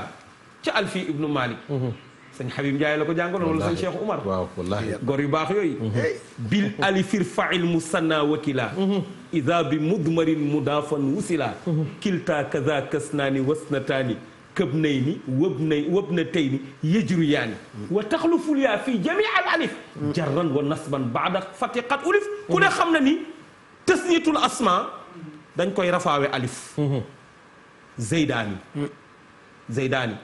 ca alfi ibnu malik mm-hmm. sëñ Habib Ndiaye la ko jàngoon wala sëñ Cheikh Umar waaw wallaahi gor yu baax yooyu mm-hmm. bil alif irfa'il musanna wakila mm-hmm. ida bi mudmarin mudaafan wusila mm-hmm. kilta kaza kasnaani wasnataani këbnayni wëbnay wëbnatayni yëjru yaani wa taxluful yaa fii jamii al alif jarran wa nasban baada fati qad ulif ku ne xam na ni tasniyatul asma dañ koy rafaawe alif zeydaani zeydaani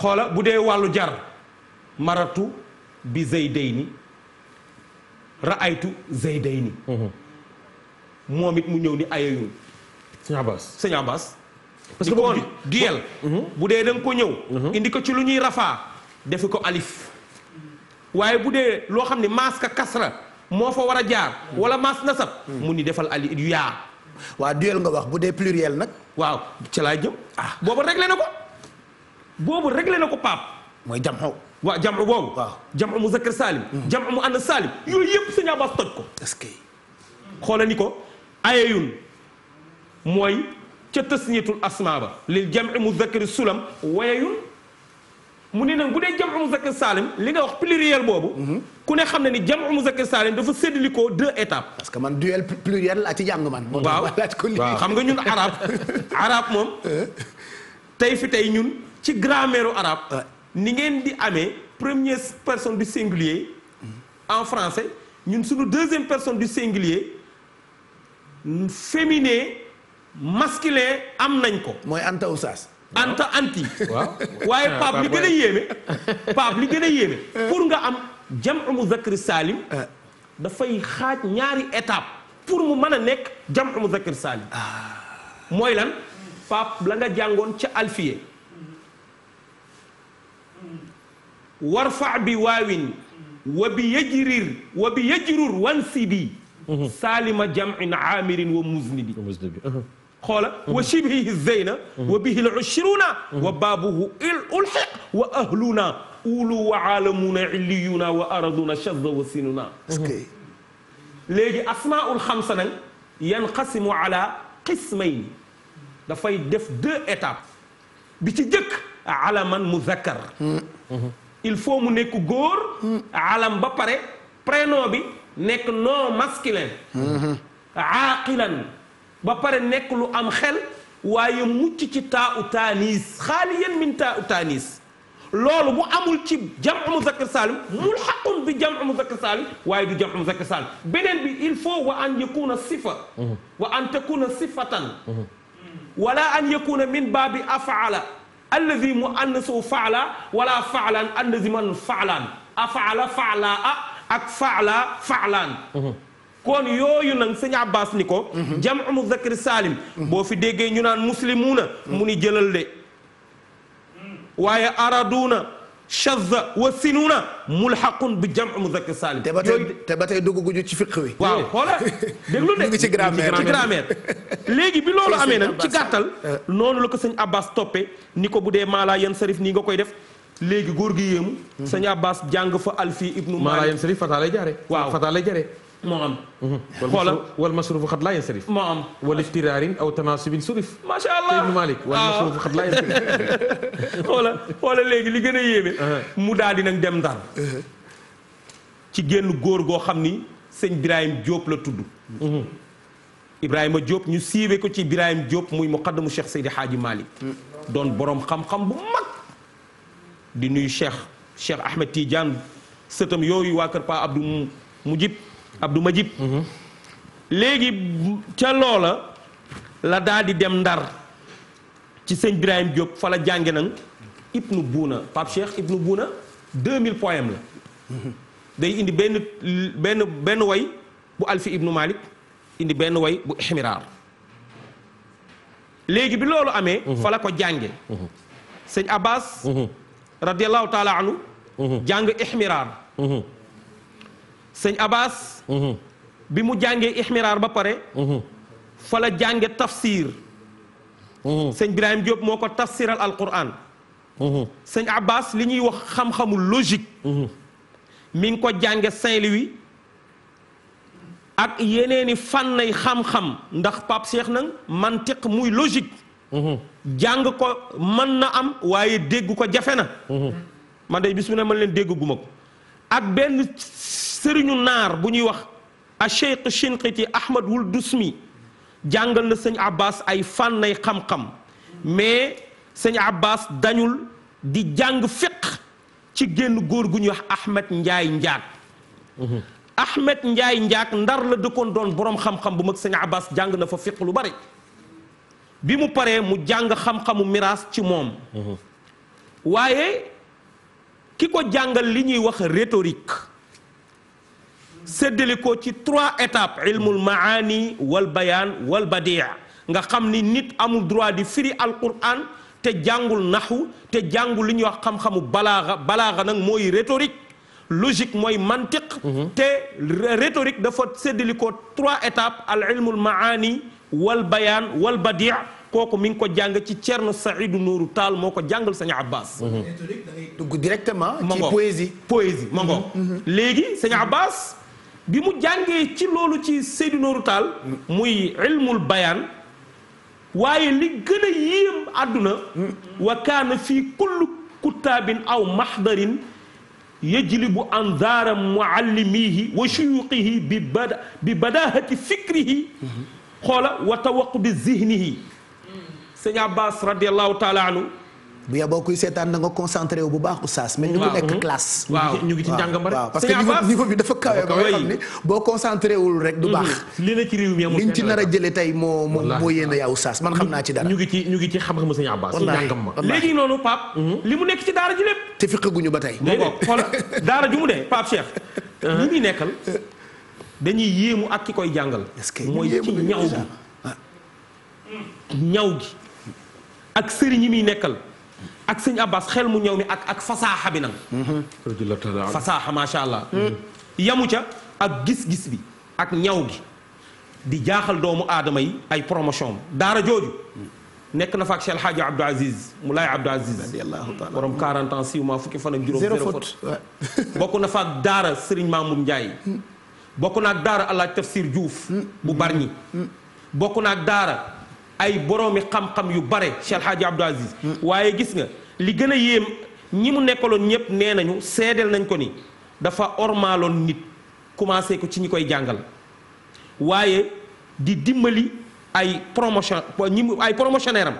xoola bu dee wàllu jar maratu bi zaydayni raaytu zaydayni mhm. moom it mu ñëw ni ayayun sëñ Abbas sëñ Abbas parce que kon mhm. mhm. bu dee da nga ko ñëw indi ko ci lu ñuy rafaa defi ko alif waaye bu dee loo xam ne maska kasra moo fa war a jaar wala mas nasab mu ni defal ali yaa waaw diyel nga wax bu dee pluriel nag waaw ci laa jëm ah booba réglé na ko boobu réglé na ko paap mooy jamxu waaw jamxu boobu waaw jamxu mu zakkar saalim mm-hmm. jamxu mu annas saalim yooyu yëpp sëñ Abbas toj ko est-ce que xoola ni ko ayeyun mooy ca tasniyatul asmaa ba lil jamxi mu zakkari sulam wayeyun mu ni nag bu dee jamxu mu zakkar saalim li nga wax pluriel boobu mm-hmm. ku ne xam ne ni jamxu mu zakkar saalim dafa séddali ko deux étapes parce que man duel pluriel laa ci jàng man waaw xam nga ñun arab arab moom euh. tey fi tey ñun ci grammaire arabe ni ngeen di amee première personne du singulier en français ñun suñu deuxième personne du singulier féminin masculin am nañ ko. mooy anta oustaz. anta anti. waaye ah, pape li gën a yéeme pape li gën a yéeme pour nga am jamu muzakkar saalim. Ah. dafay xaaj ñaari étape pour mu mën a nekk jamu muzakkar saalim. Ah. mooy lan pape la nga jàngoon ca alfiye warfa bi waawin wa bi yajrir wa bi yajrur wan sibi mhm. saalima jamin aamirin wa musnibi mhm. xoola mhm. wa shibhihi zeyna wa bihi l ushruna wa baabuhu ulxiq wa ahluna ulu wa aalamuna illiyuna wa araduna shadda wa sinuna léegi asmaul xamsa nag yanqasimu ala qismayn dafay def deux étapes bi ci jëkk alaman muzakkar hmm. il faut mu nekk góor. alam ba pare prénom bi nekk non masculin. aaqilan ba pare nekk lu am xel waaye mucc ci taa u taaniis xaaliyan min taa u taaniis loolu bu amul ci jam'u muzakkar saalim mulhaqun bi jam'u muzakkar saalim waaye du jam'u muzakkar saalim beneen bi il faut wa an yakuna sifa wa an takuna sifatan mm-hmm. wala an yakuna min baabi af'ala allazi mu ànd su faala wala faalaan allazi man faalaan a faala faala ak faala faalaan kon yooyu nag sëñ Abbas ni ko jam'u muzakkar saalim boo fi déggee ñu naan muslimuuna mu ni jëlal de waaye araduuna shadda wa sinuna mulhaqun bi jam'i muzakkar saalim. te ba tey te ba tey dugguñu ci fiq wi. waaw xoola déglu de. ñu ci grammaire ci léegi bi loolu amee nag ci gàttal. Eh. noonu la ko sëñ Abbas toppee ni ko bu dee maalaa yan sarif nii nga koy def. léegi góor gi yéemu. Hmm. sëñ Abbas jàng fa alfi ibnu. maalaa yan sarif fataa lay jaaree. waaw fataa lay jaaree. moo am. Mhm. xoolal wal masruufu xat laa yansarif. moo am wala iftiraarin aw tanaasubin surif. macha allah Seydou Malick wal ah. masruufu xat laa yansarif. xoolal léegi li gën a yéeme. Uh-huh. mu daal di nag dem ndar. Uh-huh. ci génn góor goo xam ni sëñ Birahim Diop la tudd. Uh-huh. Ibrahima Diop ñu siiwee ko ci Ibrahim Diop muy muqaddamu Cheikh Seydi Hadji Malick. doon borom xam-xam bu mag. di nuyu Cheikh Cheikh Ahmed Tidiane sëtam yooyu waa Kër Pa Abdou Mujib Abdou Majib mhm. léegi ca loola la daldi dem ndar ci sëñ Birahim Diop fa la jànge nag Ibnu Buuna Pape Cheikh Ibnu Buuna 2000 poèmes day indi benn benn way bu Alfi Ibnu Malik indi benn way bu Ximiraar léegi bi loolu amee mhm. fa la ko jànge mhm. sëñ Abbas radiallahu taala anhu jàng Ximiraar sëñ Abbas. Mhm. bi mu jàngee ixmiraar ba pare. Mhm. fa la jànge tafsir. Mhm. sëñ Birahim Diop moo ko tafsiral Alqur'an. sëñ Abbas li ñuy wax xam-xamu logique. mi ngi ko jànge saint wi ak yeneeni fànnay xam-xam ndax Pape Cheikh nag mantiq muy logique. jàng ko mën na am waaye dégg ko jafe na. man de bis mu ne man leen dégg guma ko ak benn. sëriñu naar bu ñuy wax a cheikh chinqiti ahmad wul dusmi jàngal na sëñ abbas ay fànnay xam-xam mais sëñ abbas dañul di jàng fiq ci génn góor gu ñuy wax ahmed njaay njaag ahmed njaay njaag ndar la dëkkoon doon borom xam-xam bu mag sëñ abbas jàng na fa fiq lu bari bi mu paree mu jàng xam-xamu miraas ci moom mhm. waaye ki ko jàngal li ñuy wax rhétorique séddale ko ci trois étapes ilmul maani wal bayaan wal badia nga xam ni nit amul droit di firi alquran te jàngul naxu te jàngul li ñuy wax xam-xamu balaaxa balaaxa nag mooy rhétorique logique mooy mantiq mhm. te rhétorique dafa séddali ko trois étapes al ilmul maani wal bayaan wal badia kooku mi ngi ko jàng ci Thierno Saïdou Nourou taal moo ko jàngal sañu Abbas. Mhm. dugg directement. ci mhm. léegi sëñ Abbas. bi mu jàngee ci loolu ci Seydou Nourou Tall muy ilmul bayaan waaye li gën a yéem àdduna wa kaana fii kullu kuttaabin aw maxdarin yajlibu andaara muallimihi wa shuyuqihi bi bada bi badahati fikrihi xoola wa tawaqudi zihnihi sëñ Abbas radiallahu taala anhu bu yeboo kuy seetaan na nga concentré wu bu baax oustaz mais ni mu nekk classe. waaw ñu ngi ci njàngam rek parce que niveau bi dafa kawe ba nga xam wul rek du mhm. li na ci réew mi amul liñ ci nar a jëlee tey moo moo moo yéene yaa oustaz man xam naa ci dara. ñu ngi ci ñu ngi ci xam-xamu sëñ mhm. li mu nekk ci daara ji lépp. te fiqaguñu ba tey. déedéet xoolal daara ju mu dee Pape Cheikh. Uh-huh. ñi muy nekkal dañuy yéemu ak ki koy jàngal. est-ce que mooy ci ñaw gi ñaw gi ak sëriñ yi muy nekkal ak sëñ Abbas xel mu ñëw mi ak ak fasaaxa bi nag. Mhm. fasaaxa macha allah. Mhm. yamu ca ak gis-gis bi ak ñaw gi di jaaxal doomu aadama yi ay promotion daara jooju. nekk na fa ak Cheikh El Hadj Abdou Aziz Moulay Abdou Aziz. borom 40 ans bokk na fa ak daara Serigne Mamour Ndiaye. Hmm. bokk naa ak daara El Hadj Tafsir Diouf. Hmm. bu Bargny. Hmm. bokk naa ak daara ay boroomi xam-xam yu bare Cheikh El Hadj Aziz. waaye gis nga. li gën a yéem ñi mu nekkaloon ñëpp nee nañu seedeel nañ ko ni dafa ormaaloon nit commencé ko ci ñi koy jàngal waaye di dimbali ay promotion ñi mu ay promotionnaire am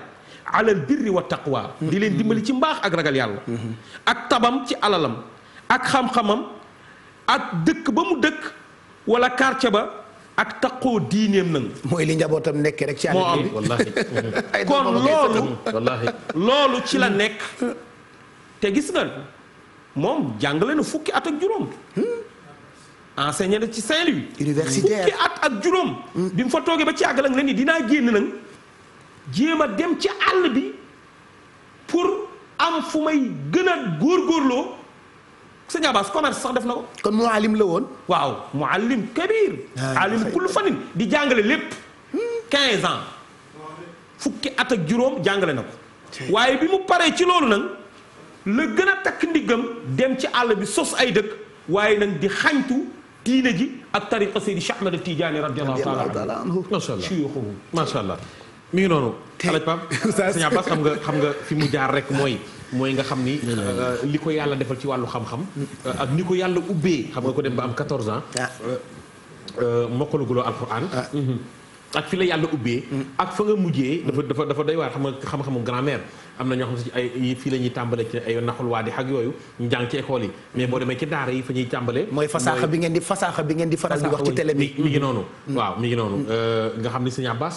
alal birri wa taqwa mm-hmm. di leen dimbali ci mbaax ak ragal yàlla mm-hmm. ak tabam ci alalam ak xam-xamam ak dëkk ba mu dëkk wala quartier ba ak taqoo diineem nag. mooy li njabootam nekkee rek. ci àll bi moo am kon loolu. loolu ci la nekk. te gis nga moom jàngale na fukki at ak juróom. Hmm? enseigné na ci Saint-Louis. universitaire fukki at ak juróom. bi mu fa toogee ba ci àgg nag nii dinaa génn nag jéem a dem ci àll bi pour am fu may gën a góor góorloo sëñ Abass commerce sax def na ko. kon muallim la woon. waaw muallim kabiir. Ah, alim kullu fanin di jàngale lépp. 15 ans fukki at juróom jàngale na ko. waaye bi mu paree ci loolu nag la gën a takk gëm dem ci àll bi sos ay dëkk waaye nag di xañtu diine ji ak tariqa Seydi Cheikh Ahmed Tidiane radiyallahu taala anhu macha allah suyuxuhu macha allah mi noonu. tey Alaaji Pape sëñ Abass xam nga xam nga fi mu jaar rek mooy. mooy nga xam ni euh, li ko yàlla defal ci wàllu xam-xam euh, ak ni ko yàlla ubbee xam nga ko dem ba am 14 ans ah. euh, mokkaluguloo alquran ah. mhm. ak fi la yàlla ubbee mm. ak fa nga mujjee dafa dafa dafa doy waar xam nga xam-xamu grand-mère am na ñoo xam si ay fii la ñuy tàmbale ci ay naxul waa di xak yooyu ñu jàng ci école yi mais boo demee ci daara yi fa ñuy tàmbale mooy fasaaxa bi ngeen di fasaaxa bi ngeen di faral di wax ci télé bi mi ngi noonu mm. waaw mi ngi noonu mm. nga xam ni sëñ Abbas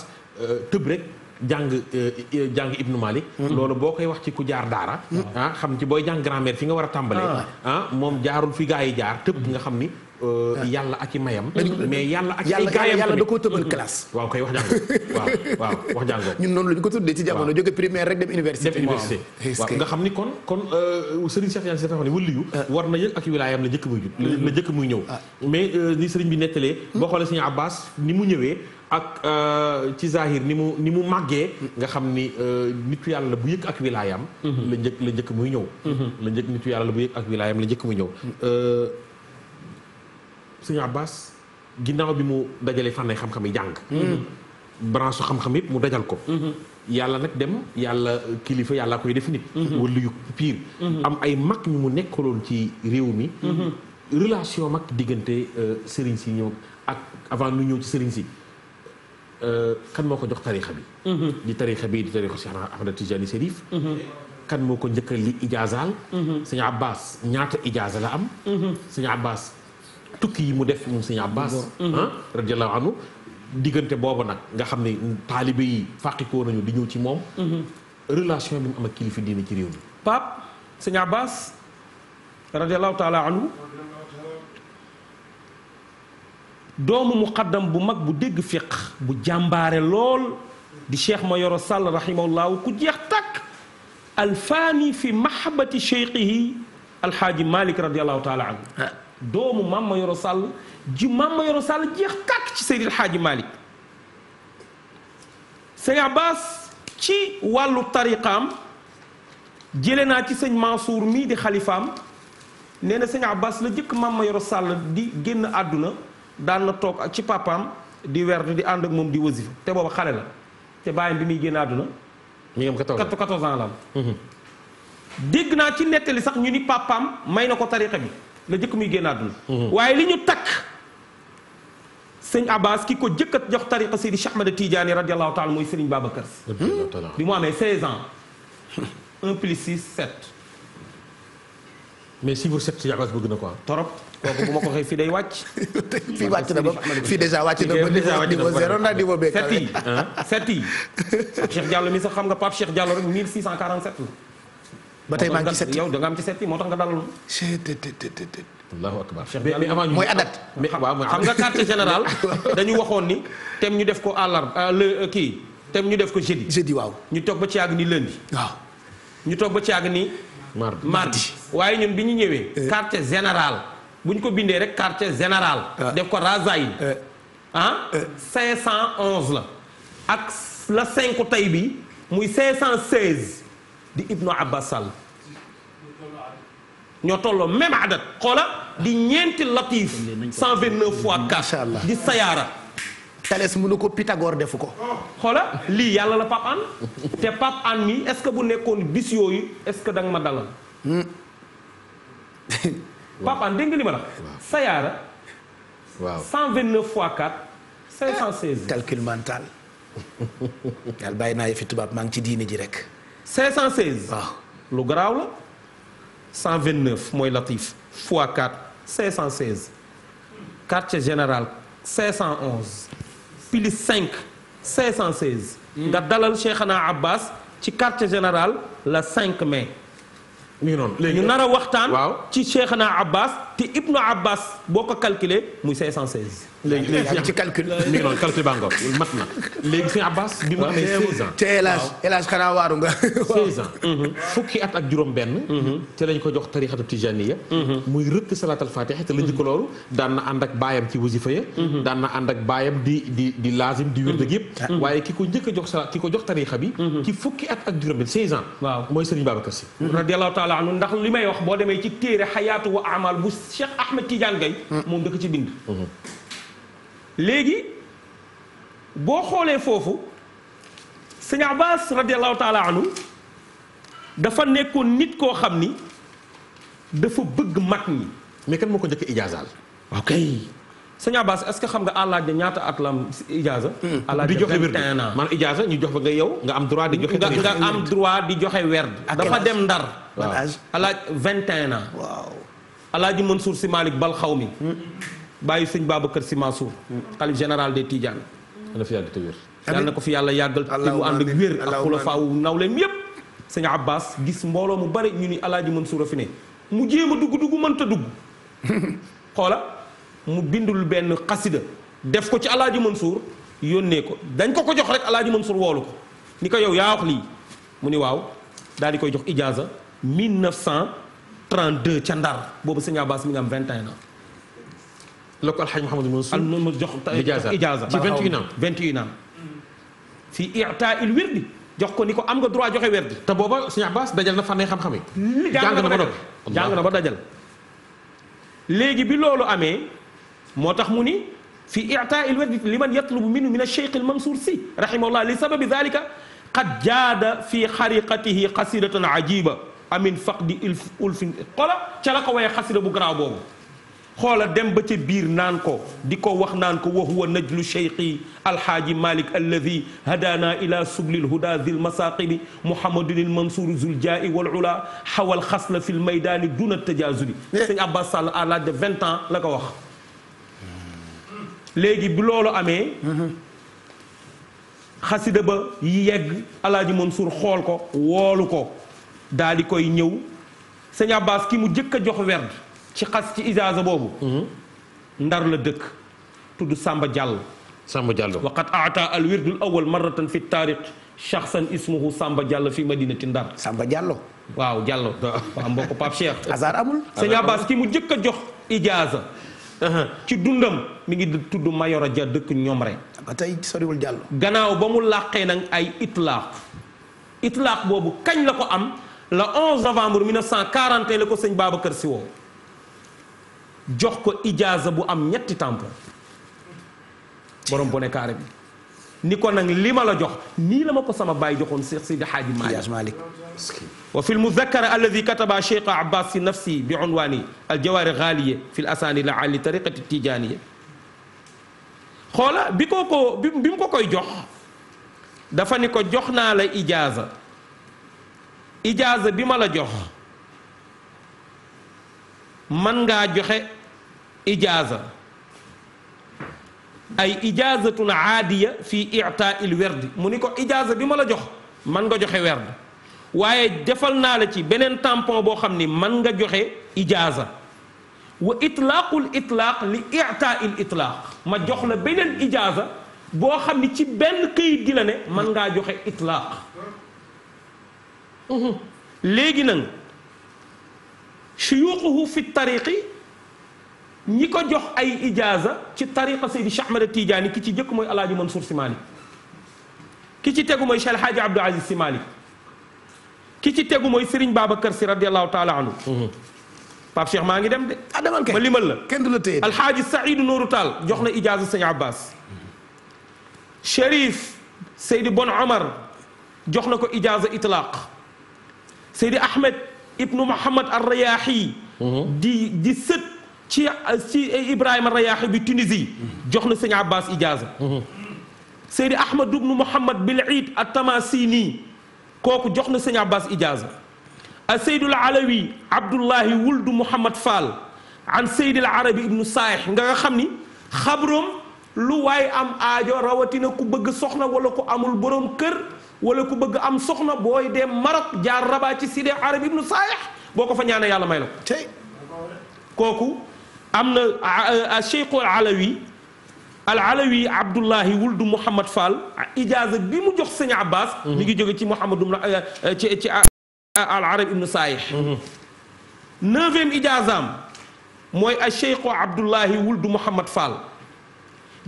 tëb rek jàng euh, jàng ibnu Malik hmm. loolu boo koy wax ci ku jaar daara hmm. ah xam ci booy jàng grammaire fi nga war a tàmbalee ah, ah moom jaarul fi gaa yi jaar tëb nga xam ni euh, ah. yàlla ak i mayam mais yàlla ak ay gaayam yàlla da koo tëbal hmm. classe waaw koy wax jàngo waaw waaw wax jàngo ñun noonu lañu ko tuddee ci jamono jóge primaire rek dem université dem xam ni kon kon euh, sëriñ Cheikh Yane si dafa xam ne wëliyu ah. war na yëg ak wilaayam la jëkk muy jub mm-hmm. la jëkk muy ñëw mais ni sëriñ bi nettalee boo xoolee sëriñ Abbas ni mu ñëwee ak euh, ci zahir ni mu ni mu màggee nga xam ni euh, nitu yàlla bu yëg ak wilaayam mhm. la la njëkk muy ñëw mhm. la njëkk nitu yàlla bu yëg ak wilaayam la njëkk muy ñëw mhm. euh, sëñ Abbas ginnaaw bi mu dajale fànnay xam-xam yi jàng branche xam-xam yëpp mu dajal ko yàlla nag dem yàlla kilifa yàlla koy def nit wala yu pire am ay mag ñu mu nekkaloon ci réew mi relation mag diggante sëriñ si ñëw ak avant nu ñëw ci sëriñ si Euh, kan moo ko jox tarixa mm-hmm. bi di tarixa bi di tarixa Cheikh Ahmada Tijani Serif mm-hmm. kan moo ko njëkk a li ijaazaal mm-hmm. sëñ Abbas ñaata ijaaza la am sëñ Abbas tukki yi mu def moom sëñ Abbas ah radiallahu anhu diggante boobu nag nga xam ne taalibe yi fàqikoo nañu di ñëw ci moom relation bi mu am ak kilifa diine ci réew mi doomu muqaddam bu mag bu dégg fiq bu jàmbaare lool di cheikh ma Sall rahimahullahu ku jeex takk alfaani fi mahabati cheikhihi alxaaji malik radiallahu taala anhu ah. doomu maam Mayoro Sall ji maam Mayoro Sall jeex takk ci Seydi alxaaji malik sëñ Abbas ci wàllu tariqaam jële naa ci sëñ Mansour mii di xalifaam nee na sëñ Abbas la jëkk maam Mayoro Sall di génn àdduna daan na toog ak ci papaam di werdu di ànd ak moom di wasifa te booba xale la te bàyyam bi muy génn àdduna ñu am 14 14 ans la am mhm. dégg naa ci nettali sax ñu ni papaam may na ko tariqa bi la jëkk muy génn àdduna mhm. waaye li ñu takk sëñ Abbas ki ko jëkk jox tariqa Seydi Cheikh Ahmad Tidiane radiyallahu taala mooy Serigne Babacar Sy bi mu amee 16 ans 1 plus 6 7 mais si vous sept Diakhoune bëgg na quoi. torop kooku bu ma ko waxee fii day wàcc. fii wàcc na ba fii dèjà wàcc na ba niveau niveau zéro set yi sax xam nga Pape Cheikh Diallo rek 1647 la. ba moo tax nga dalal. allahu akbar Cheikh Diallo mais mooy adat mais xam nga carte générale dañu waxoon ni thème ñu def ko àllarba euh, le euh, kii thème ñu def ko waaw ñu toog ba ci yàgg ni lundi. waaw ñu toog ba ci yàgg ni. mardi waaye ñun bi ñu ñëwee eh. quartier général bu ñu ko bindee rek quartier général ah. def ko Razaïne eh. ah eh. cinq cent onze la ak la cinq tey bi muy cinq cent seize di Ibnu Abbas ñoo tolloo même adat xoola di ñeenti latif cent vingt neuf fois quatre di sayaara Thalès mënu ko Pythagore defu ko. xoola lii yàlla la Pape Hann te Pape Hann est-ce que bu nekkoon bis yooyu est-ce que danga ma dalal. Hmm. Pape Hann dégg nga li ma la. Sayara. waaw 129 fois 4. 516. calcul mental. yàlla bàyyi naa yëfi tubaab maa ngi ci diini ji rek. 516. waaw lu garaaw la. 129 mooy latif fois 4 516. quartier général pilis 5 516. nga dalal Cheikhana Abbas ci quartier général le 5 mai. mi ngi noonu léegi ñu nar a waxtaan. ci Cheikhana Abbas. te Ibnu Abbas boo ko calculé muy 516. léegi léegi ci calcul mi ngi noonu calcul baa ngoog mat na léegi sëñ Abbas bi mu amee 16 ans te El Hadj El Hadj xanaa waaru nga. 16 ans mhm. fukki at ak juróom-benn. te mhm. lañ ko jox tarixatu tijaniya mhm. muy rëkk salaatal fatiha te la jikko loolu daan na ànd ak baayam ci wasifa ya daan na ànd ak baayam di di di laazim di wér dëgg yëpp. waaye ki ko njëkk a jox salaat ki ko jox tarixa bi. ci fukki at ak juróom-benn 16 ans. waaw mooy sëriñ Babacar Si. radiyallahu taala anhu ndax li may wax boo demee ci téere xayaatu wa amal bu Cheikh Ahmed Tidiane Gaye mm. moom dëkk ci bind mm-hmm. léegi boo xoolee foofu sëñ Abbas radiallahu taala anhu dafa nekkoon nit koo xam ni dafa bëgg mag ñi mais kan moo ko njëkk ijaazaal ok sëñ Abbas est-ce que xam nga àllaaj da ñaata at la am ijaaza mm. di joxe werd man ijaaza ñu jox ba yow nga am droit di joxe di joxe werd dafa dem ndar àllaaj vingt et ans waaw alaaji Mansour si Malick bal xaw mi hmm. bàyyi sëñ kër si Mansour xalif général des Tidiane yàlla na ko fi yàlla yàggal te mu ànd ak wér ak xulafaawu nawleem yépp sëñ Abbas gis mbooloo mu bari ñu ni alaaji Mansour a fi ne mu jéem a dugg dugg mënta dugg xoola mu bindul benn xasida def ko ci alaaji Mansour yónnee ko dañ ko ko jox rek alaaji Mansour woolu ko ni ko yow yaa wax lii mu ni waaw daal di koy jox ijaaza 1900 32 ca Ndar boobu sëñ Abbas mi ngi am 21 ans. la ko alxaj am na ma jox ijaaza ci 21 ans 21 ko am nga droit joxe te booba sëñ Abbas dajal na fànn xam-xam yi. jàng na ba dajal jàng na ba dajal. léegi bi loolu amee moo tax mu ni fii i'taa il wirdi liman yatlubu minhu min ash-shaykh al-Mansour si rahimahullah li sababi dhalika qad jaada fi xariqatihi qasidatan ajiba amin faqdi ilf ulfin xola ca la ko waye xasida bu garaaw boobu xoola dem ba ca biir naan ko di ko wax naan ko wa huwa najlu cheikhi alhaaji malik alladi hadana ila sublil huda dil masaqibi mouhamadun il mansour zul jaa'i wal ula xawal xasla fi l maydani duna tajazuli sëñ abbas sall à l'âge de vingt ans la ko wax léegi bu loolu amee xasida ba yegg alaaji mansour xool ko woolu ko daal di koy ñëw sëñ Abbas ki mu jëkk a jox werd ci xas ci ijaaza boobu mhm. ndar la dëkk tudd Samba jàll Samba Diallo waqad aata al wirdul awal marratan fi taarix shaxsan ismuhu Samba Diallo fi madinati ndar sàmba jàlloo waaw Diallo waaw mbokk Pape Cheikh amul sëñ Abbas ki mu jëkk a jox ijaaza ci dundam mi ngi tudd Mayoro Dia dëkk Ñomre ba tey soriwul Diallo gannaaw ba mu làqee nag ay itlaaq itlaaq boobu kañ la ko am le 11 novembre 1941 la ko sëñ Babacar Sy woo jox ko ijaaza bu am ñetti tampon borom bone carré bi ni ko nag li ma la jox nii la ma ko sama baay joxoon Cheikh Sidi Hadji Malick wa fi lmudakkara alladi kataba Cheikh Abbas si nafsi bi unwaani aljawaari xaaliye fi l asaani la ali tariqati tijaaniye xoola bi ko ko bi mu ko koy jox dafa ni ko jox naa la ijaaza ijaaza bi ma la jox man ngaa joxe ijaaza ay ijaazatun aadiya fi itail werdi mu ni ko ijaaza bi ma la jox man nga joxe werd waaye defal naa la ci beneen tampon boo xam ni man nga joxe ijaaza wa itlaaqul itlaaq li itail ma jox la beneen ijaaza boo xam ni ci benn këyit gi la ne man ngaa joxe itlaaq léegi nag suyuuxuhu fi tariqi ñi ko jox ay ijaaza ci tariqa Seydi Cheikh Ahmed Tidiane ki ci jëkk mooy El Hadj Mansour Sy Malick ki ci tegu mooy Cheikh El Hadj Abdou Aziz Sy ci tegu mooy Serigne Babacar Sy taala anhu mhm. Pape Cheikh maa ngi dem de. ah demal kay ma limal la kenn du la téye. Alxaaji Saïdou Nourou Tall jox na ijaaza sëñ Abbas. Cherif Seydi Bon Omar jox na ko ijaaza itlaaq Seydi Ahmed ibnu Mohamed ar mhm. di sët ci ci Ibrahima bi Tunisie mhm. jox na sëñ Abbas ijaaza mhm. Seydi Ahmed ibnu Mohamed Bil'id At-Tamasini kooku jox na sëñ Abbas ijaaza a Seydul Alawi Abdullahi wuldu Mohamed Fall an Seydil Arabi ibnu Saih nga nga xam ni xabroom lu waaye am aajo rawatina ku bëgg soxna wala ku amul borom kër wala ku bëgg am soxna booy dem Maroc jaar Rabat ci Sidi Arab ibnu Saalih boo ko fa ñaanee yàlla may la ko kooku am na Cheikh al Alawi al Alawi Abdullahi wuldu Mouhamad Fall ijaaza bi mu jox sëñ Abbas. Mhm. mi ngi jóge ci Mouhamadu euh, euh, ci ci euh, al mhm. ijaazaam mooy a Cheikh Abdullahi wuldu Mouhamad Fall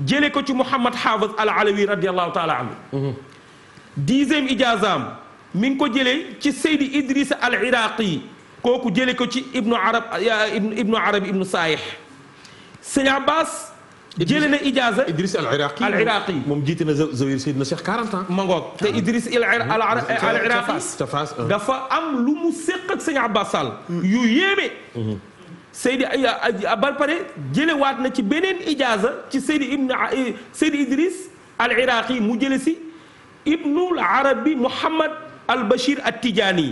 jëlee ko ci Mouhamad Haafaz al Alawi radiyallahu taala anhu mhm. dixième ijaazaam mi ngi ko jëlee ci Seydi Idrissa al Iraqi kooku jële ko ci ibnu arab ibnu arabi ibnu saayih sëñ Abbas jële na ijaaza Idriss al Iraqi al Iraqi moom jiite na Zawir Seydina Cheikh 40 ans ma ngoog te ah. Idriss ah. ah. dafa am lu mu séq ak sëñ Abbas Sall yu yéeme mm-hmm. Seydi ba pare na ci beneen ijaaza ci Seydi ibnu Seydi Idriss al Iraqi mu jële si ibnul arabi muhammad al bashir at tijaani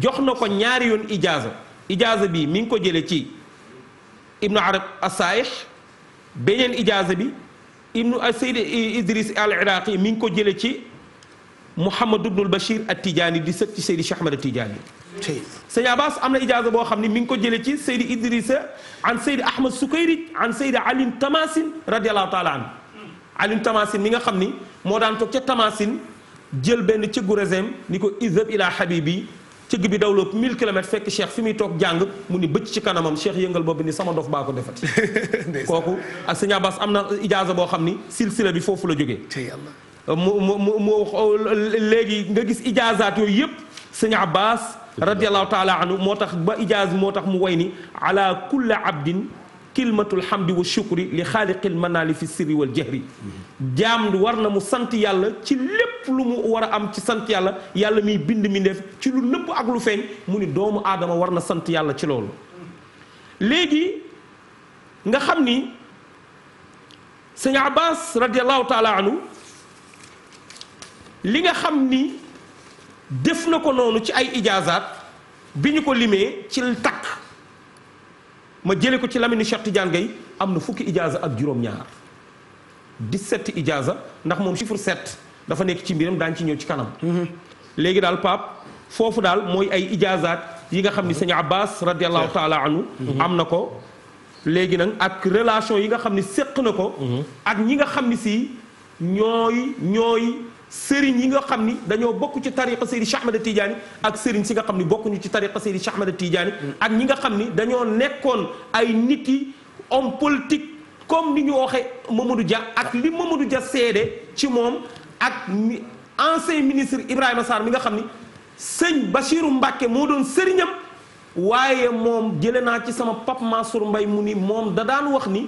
jox na ko ñaari yoon ijaaza ijaaza bi mi ngi ko jële ci ibnu arab asaayix beneen ijaaza bi ibnu sayd idris al iraqi mi ngi ko jële ci muhammad ibnul bashir at tijaani di sët ci seydi cheikh ahmad at tijaani sëñ Abbas am na ijaaza boo xam ne mi ngi ko jëlee ci Seydi Idrissa an Seydi Ahmad Sukayrij an Seydi Ali Tamasin radiallahu taala anhu Alioune Tamasin mi nga xam ni moo daan toog ca Tamasin jël benn cëggu réseem ni ko izab ila habibi cëgg bi dawloo 1000 kilomètres fekk cheikh fi muy toog jàng mu ni bëcc ci kanamam cheikh yëngal boobu ni sama dof baa ko defati kooku ak sëñ Abbas am na ijaaza boo xam ni silsila bi foofu la jógee mu mu mu léegi nga gis ijaazaat yooyu yëpp sëñ Abbas radiallahu taala anhu moo tax ba ijaaz moo tax mu way ni ala kulli abdin kilmatul hamdi wa shukri li xaaliqil manaali fi sirri wal jahri jaam war na mu sant yàlla ci lépp lu mu war a am ci sant yàlla yàlla miy bind mi def ci lu nëpp ak lu feeñ mu ni doomu aadama war na sant yàlla ci loolu léegi nga xam ni sëñ Abbas radiallahu taala anhu li nga xam ni def na ko noonu ci ay ijaazaat bi ñu ko limee ci takk ma jële ko ci Lamine Cheikh Tidiane Gueye am na fukki ijaaza ak juróom-ñaar 17 ijaaza ndax moom chiffre set dafa nekk ci mbiram daañu ci ñëw ci kanam. Mm-hmm. léegi daal Pape foofu daal mooy ay ijaazaat yi nga xam ni mm-hmm. sëñ Abbas radiallahu taala anhu mm-hmm. am na ko léegi nag ak relation yi nga xam ni séq na ko. ak ñi nga xam ni si ñooy ñooy. sëriñ yi nga xam ni dañoo bokk ci tariqa Seydi Cheikh Ahmada Tidiane ak sëriñ si nga xam ni bokkuñu ci tariqa Seydi Cheikh Ahmada Tidiane ak ñi nga xam ni dañoo nekkoon ay nit yi homme politique comme ni ñu waxee Mamadou Dia ak li Mamadou Dia seede ci moom ak ancien ministre Ibrahima Sarr mi nga xam ni sëñ Bachirou Mbacke moo doon sëriñam waaye moom jële naa ci sama pap Mansour Mbaye mu moom da daan wax ni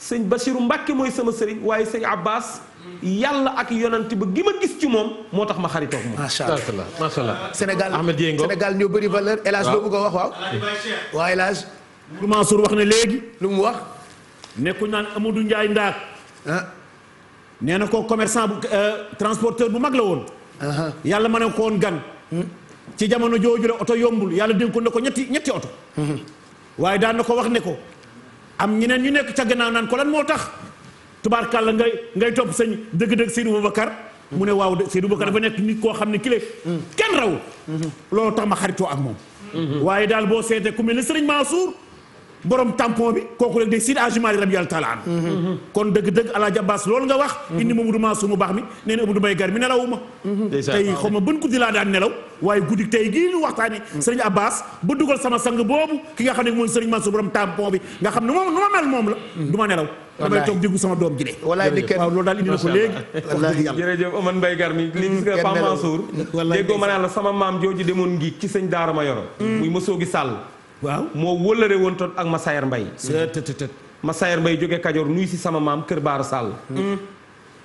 sëñ Bachirou Mbacke mooy sama sëriñ waaye sëñ Abbas yàlla ak yonant ba gi ma gis ci moom moo tax ma xaritoog moom. macha allah macha allah Sénégal Sénégal ñoo bëri valeur El Hadj loo bëgg a wax waaw. waaw El Hadj. Mansour wax ne léegi. lu mu wax. nekku naan Amadou Ndiaye Ndaak. Ah. nee na ko commerçant bu euh, transporteur bu mag la woon. Ah, ah. yàlla ma ne ko woon gan. Hmm? ci jamono jooju la oto yombul yàlla dénkoon na ko ñetti ñetti oto. Hmm. waaye daan na ko wax ne ko. am ñeneen ñu nekk ca gannaaw naan ko lan moo tax. tubaarkàlla ngay ngay topp sëñ dëgg-dëgg Seydou Boubacar mu ne waaw Seydou Boubacar dafa nekk nit koo xam ne kile kenn raw mm-hmm. loolu tax ma xaritoo am moom mm-hmm. waaye daal boo seetee ku mel ne maa Mansour borom tampon bi kooku rek day Seydi Hadji Malick radiyallahu taala anhu mm-hmm. Mm-hmm. kon dëgg-dëgg Alaaji Abbas loolu nga wax mm-hmm. indi Mamadou Mansour mu baax mi nee na Abdou Mbaye Gar ba dugal sama sang ki nga xam ne mooy sëriñ Mansour borom tampon bi nga xam moom nu ma mel moom la du ma nelaw damay toog déggu sama doom ji de daal indi na ko léegi jërëjëf Omar Mbaye Gar mi li gis nga Pape Mansour déggoo ma naa la sama maam jooju demoon ngi ci sëñ daara ma yoro muy mosoo gi sàll waaw moo wëllëre woon toon ak Massayer Mbaye mm. tëtëtët Massayer Mbaye jóge Kajoor nuy si sama maam Kër Baara Sall mm. Mm.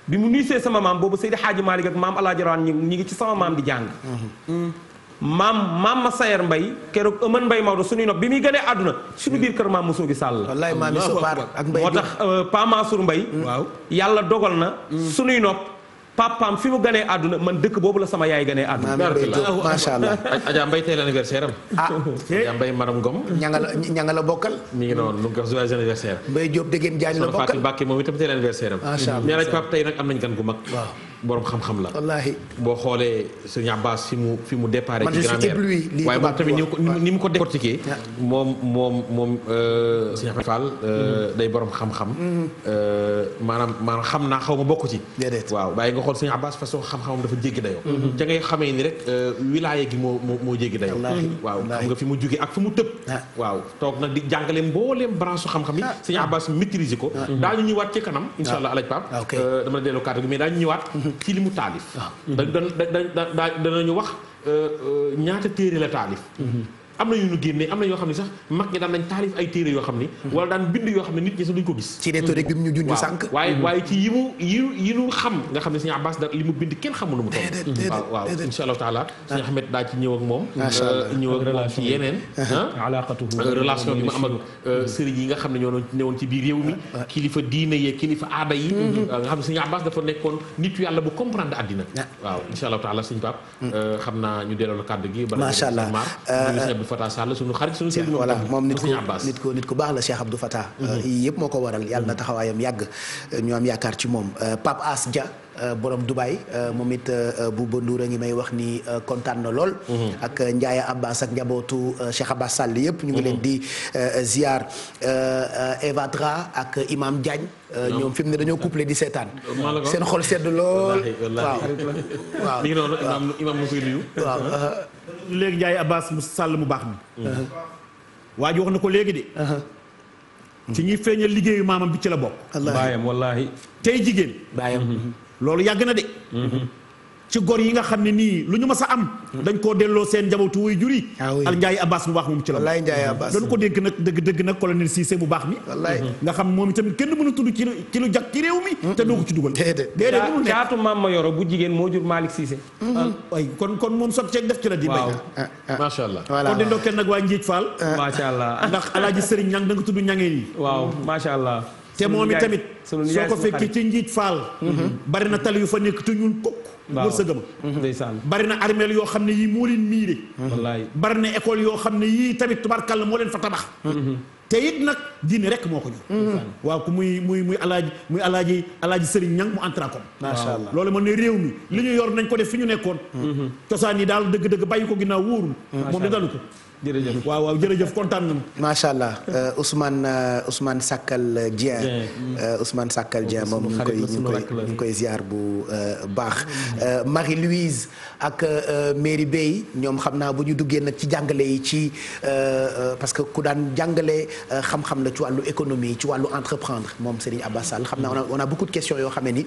bi mu nuy see sama maam boobu Seydi Hadji Malick ak maam Alaaji Rawaan ñi ngi ci sama maam di jàng mm-hmm. maam maam Massayer Mbaye keroog Ëmën Mbaye Maodo suñuy nopp bi muy gënee àdduna suñu biir kër maam Moussa gi Sall wallaay moo tax euh, Pa Mansour yàlla dogal na suñuy nopp papaam fi mu ganee àdduna man dëkk boobu la sama yaay ganee àdduna. macha allah Adja Mbaye tey la anniversaire am. ah Adja Mbaye Ngom. ña nga la la bokkal. mi ngi noonu lu ko joyeux anniversaire. Mbaye Diop Degem Diagne la bokkal soxna Fatou Mbacké moom la anniversaire am. macha allah ñaareel la. wallaahi boo xoolee Serigne Abbas fi fi mu départ. ci grand-mère ko ni mu ko décortiqué. moom moom moom. Serigne euh, Fall euh, mm-hmm. day borom xam mm-hmm. euh, maanaam maanaam xam naa xaw ma bokk ci. waaw nga xool sëñ Abbas façon xam-xamam dafa jéggi dayoo mhm. ca ngay xamee ni rek euh, wilaaya gi moo moo moo jéggi dayoo waaw xam nga fi mu jóge ak fi mu tëb ah. waaw toog nag di jàngale mbooleem branche xam-xam yi ah. sëñ Abbas maîtriser ko ah. ñu ñëwaat ci kanam insha allah alaj Pape euh, dama la delloo kàddu gi mais daañu ñëwaat mhm. ci li mu taalif da ñu wax euh, ñaata téere la taalif mhm. am na yu ñu génne am na yoo xam ne sax mag ñi daan nañ taalif ay téere yoo xam ni hmm. wala daan bind yoo xam ne nit ñi sax duñ ko gis ci rhétorique hmm. hmm. yi mu xam nga xam ne Serigne Abbas yi nga xam ne ñoo newoon ci biir réew mi kilifa diine yi kilifa aada yi euh, nga xam ne Serigne Abbas dafa nekkoon nit yàlla bu comprendre àddina ah. waaw insha allahu taala Serigne Pape euh, xam naa ñu delloo la kàddu gi Abdou moom nit ku nit ku baax la Cheikh Abdou Fatah mhm. yii yëpp moo ko waral yàlla na taxawaayam yàgg ñu am yaakaar ci moom euh, Pape As Dia Euh, borom Dubaay euh, moom it bu euh, Bandour a ngi may wax ni kontaan na lool. Mhm. ak Ndiaye Abbas ak njabootu Cheikh Abbas Sall yëpp. ñu ngi mhm. leen di ziar Eva Dra ak Imam Diagne. ñoom fi ne dañoo couplé di seetaan. seen xol sedd lool. waaw waaw mi ngi noonu uh-huh. Uh-huh. léegi Ndiaye Abbas mu Sall mu baax mi. Uh-huh. waa ji wax na ko léegi de. ci ñi feeñal liggéeyu maamam bi ci la bokk. baayam wallaahi. tey jigéen. baayam. Mm-hmm. loolu yàgg na de. ci gor yi nga xam ne nii lu ñu mës a am. dañ koo delloo seen njabootu wuy jur yi. Ah al Ndiaye Abbas bu baax moom ci la. wallaay Ndiaye Abbas doon ko dégg nag dëgg dëgg nag colonel Cissé bu baax mi. wallaay nga xam moom itam kenn mënu ci lu ci lu jag ci mi. te doo ko ci dugal. déedéet ma yoro bu jigéen moo jur Malick Cissé. Mm-hmm. Ah, ay kon kon moom sotti ceeg def ci la di. waaw ah, macha allah. voilà kon di ndokkeel nag waa Njiit faal macha allah ndax El Hadj Serigne Niang da nga tudd Niangé yi. waaw macha allah. te moom i tamit soo ko fekkee ci njiit faal mhm. bari na tal yu fa nekk te ñun kukk wërsëgam mhm. bari na armeel yoo xam ne yii moo leen miire mhm. wallaay bari na école yoo xam ne yii tamit tubarkàlla moo leen fa tabax te it nag diine rek moo ko ñu waaw ku muy muy muy alaaji muy alaaji alaaji sëriñ ñang mu antracom macha allah loolu man ne réew mi li ñu yor nañ ko def fi ñu nekkoon cosaan yi daal dëgg-dëgg bàyyi ko ginnaaw wóorul moom da dalu jërëjëf waaw waaw jërëjëf kontaan nañu. macha allah euh, Ousmane euh, Ousmane Sakkal Dieng. Euh, Ousmane Sakkal Dieng moom ñu koy ñu koy ñu koy ziar bu baax. Marie-Louise ak Mary Bey ñoom xam naa bu ñu duggee nag ci jàngale yi ci parce que ku daan jàngale xam-xam la ci wàllu économie ci wàllu entreprendre moom Serigne Abba Sall xam naa on a on a beaucoup de questions yoo xam ne ni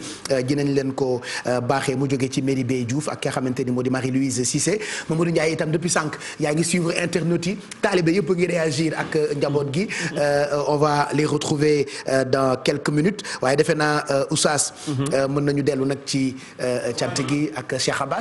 dinañ leen ko baaxee mu jógee ci Mary Bey Diouf ak ki xamante ni moo di Marie-Louise Cissé Mamadou Ndiaye itam depuis sànq yaa internautes yi taalibe a ngi réagir ak euh, njaboot gi euh, on va les retrouver euh, dans quelques minutes waaye defe naa Oustaz mhm. mën nañu dellu nag ci cant gi ak Cheikh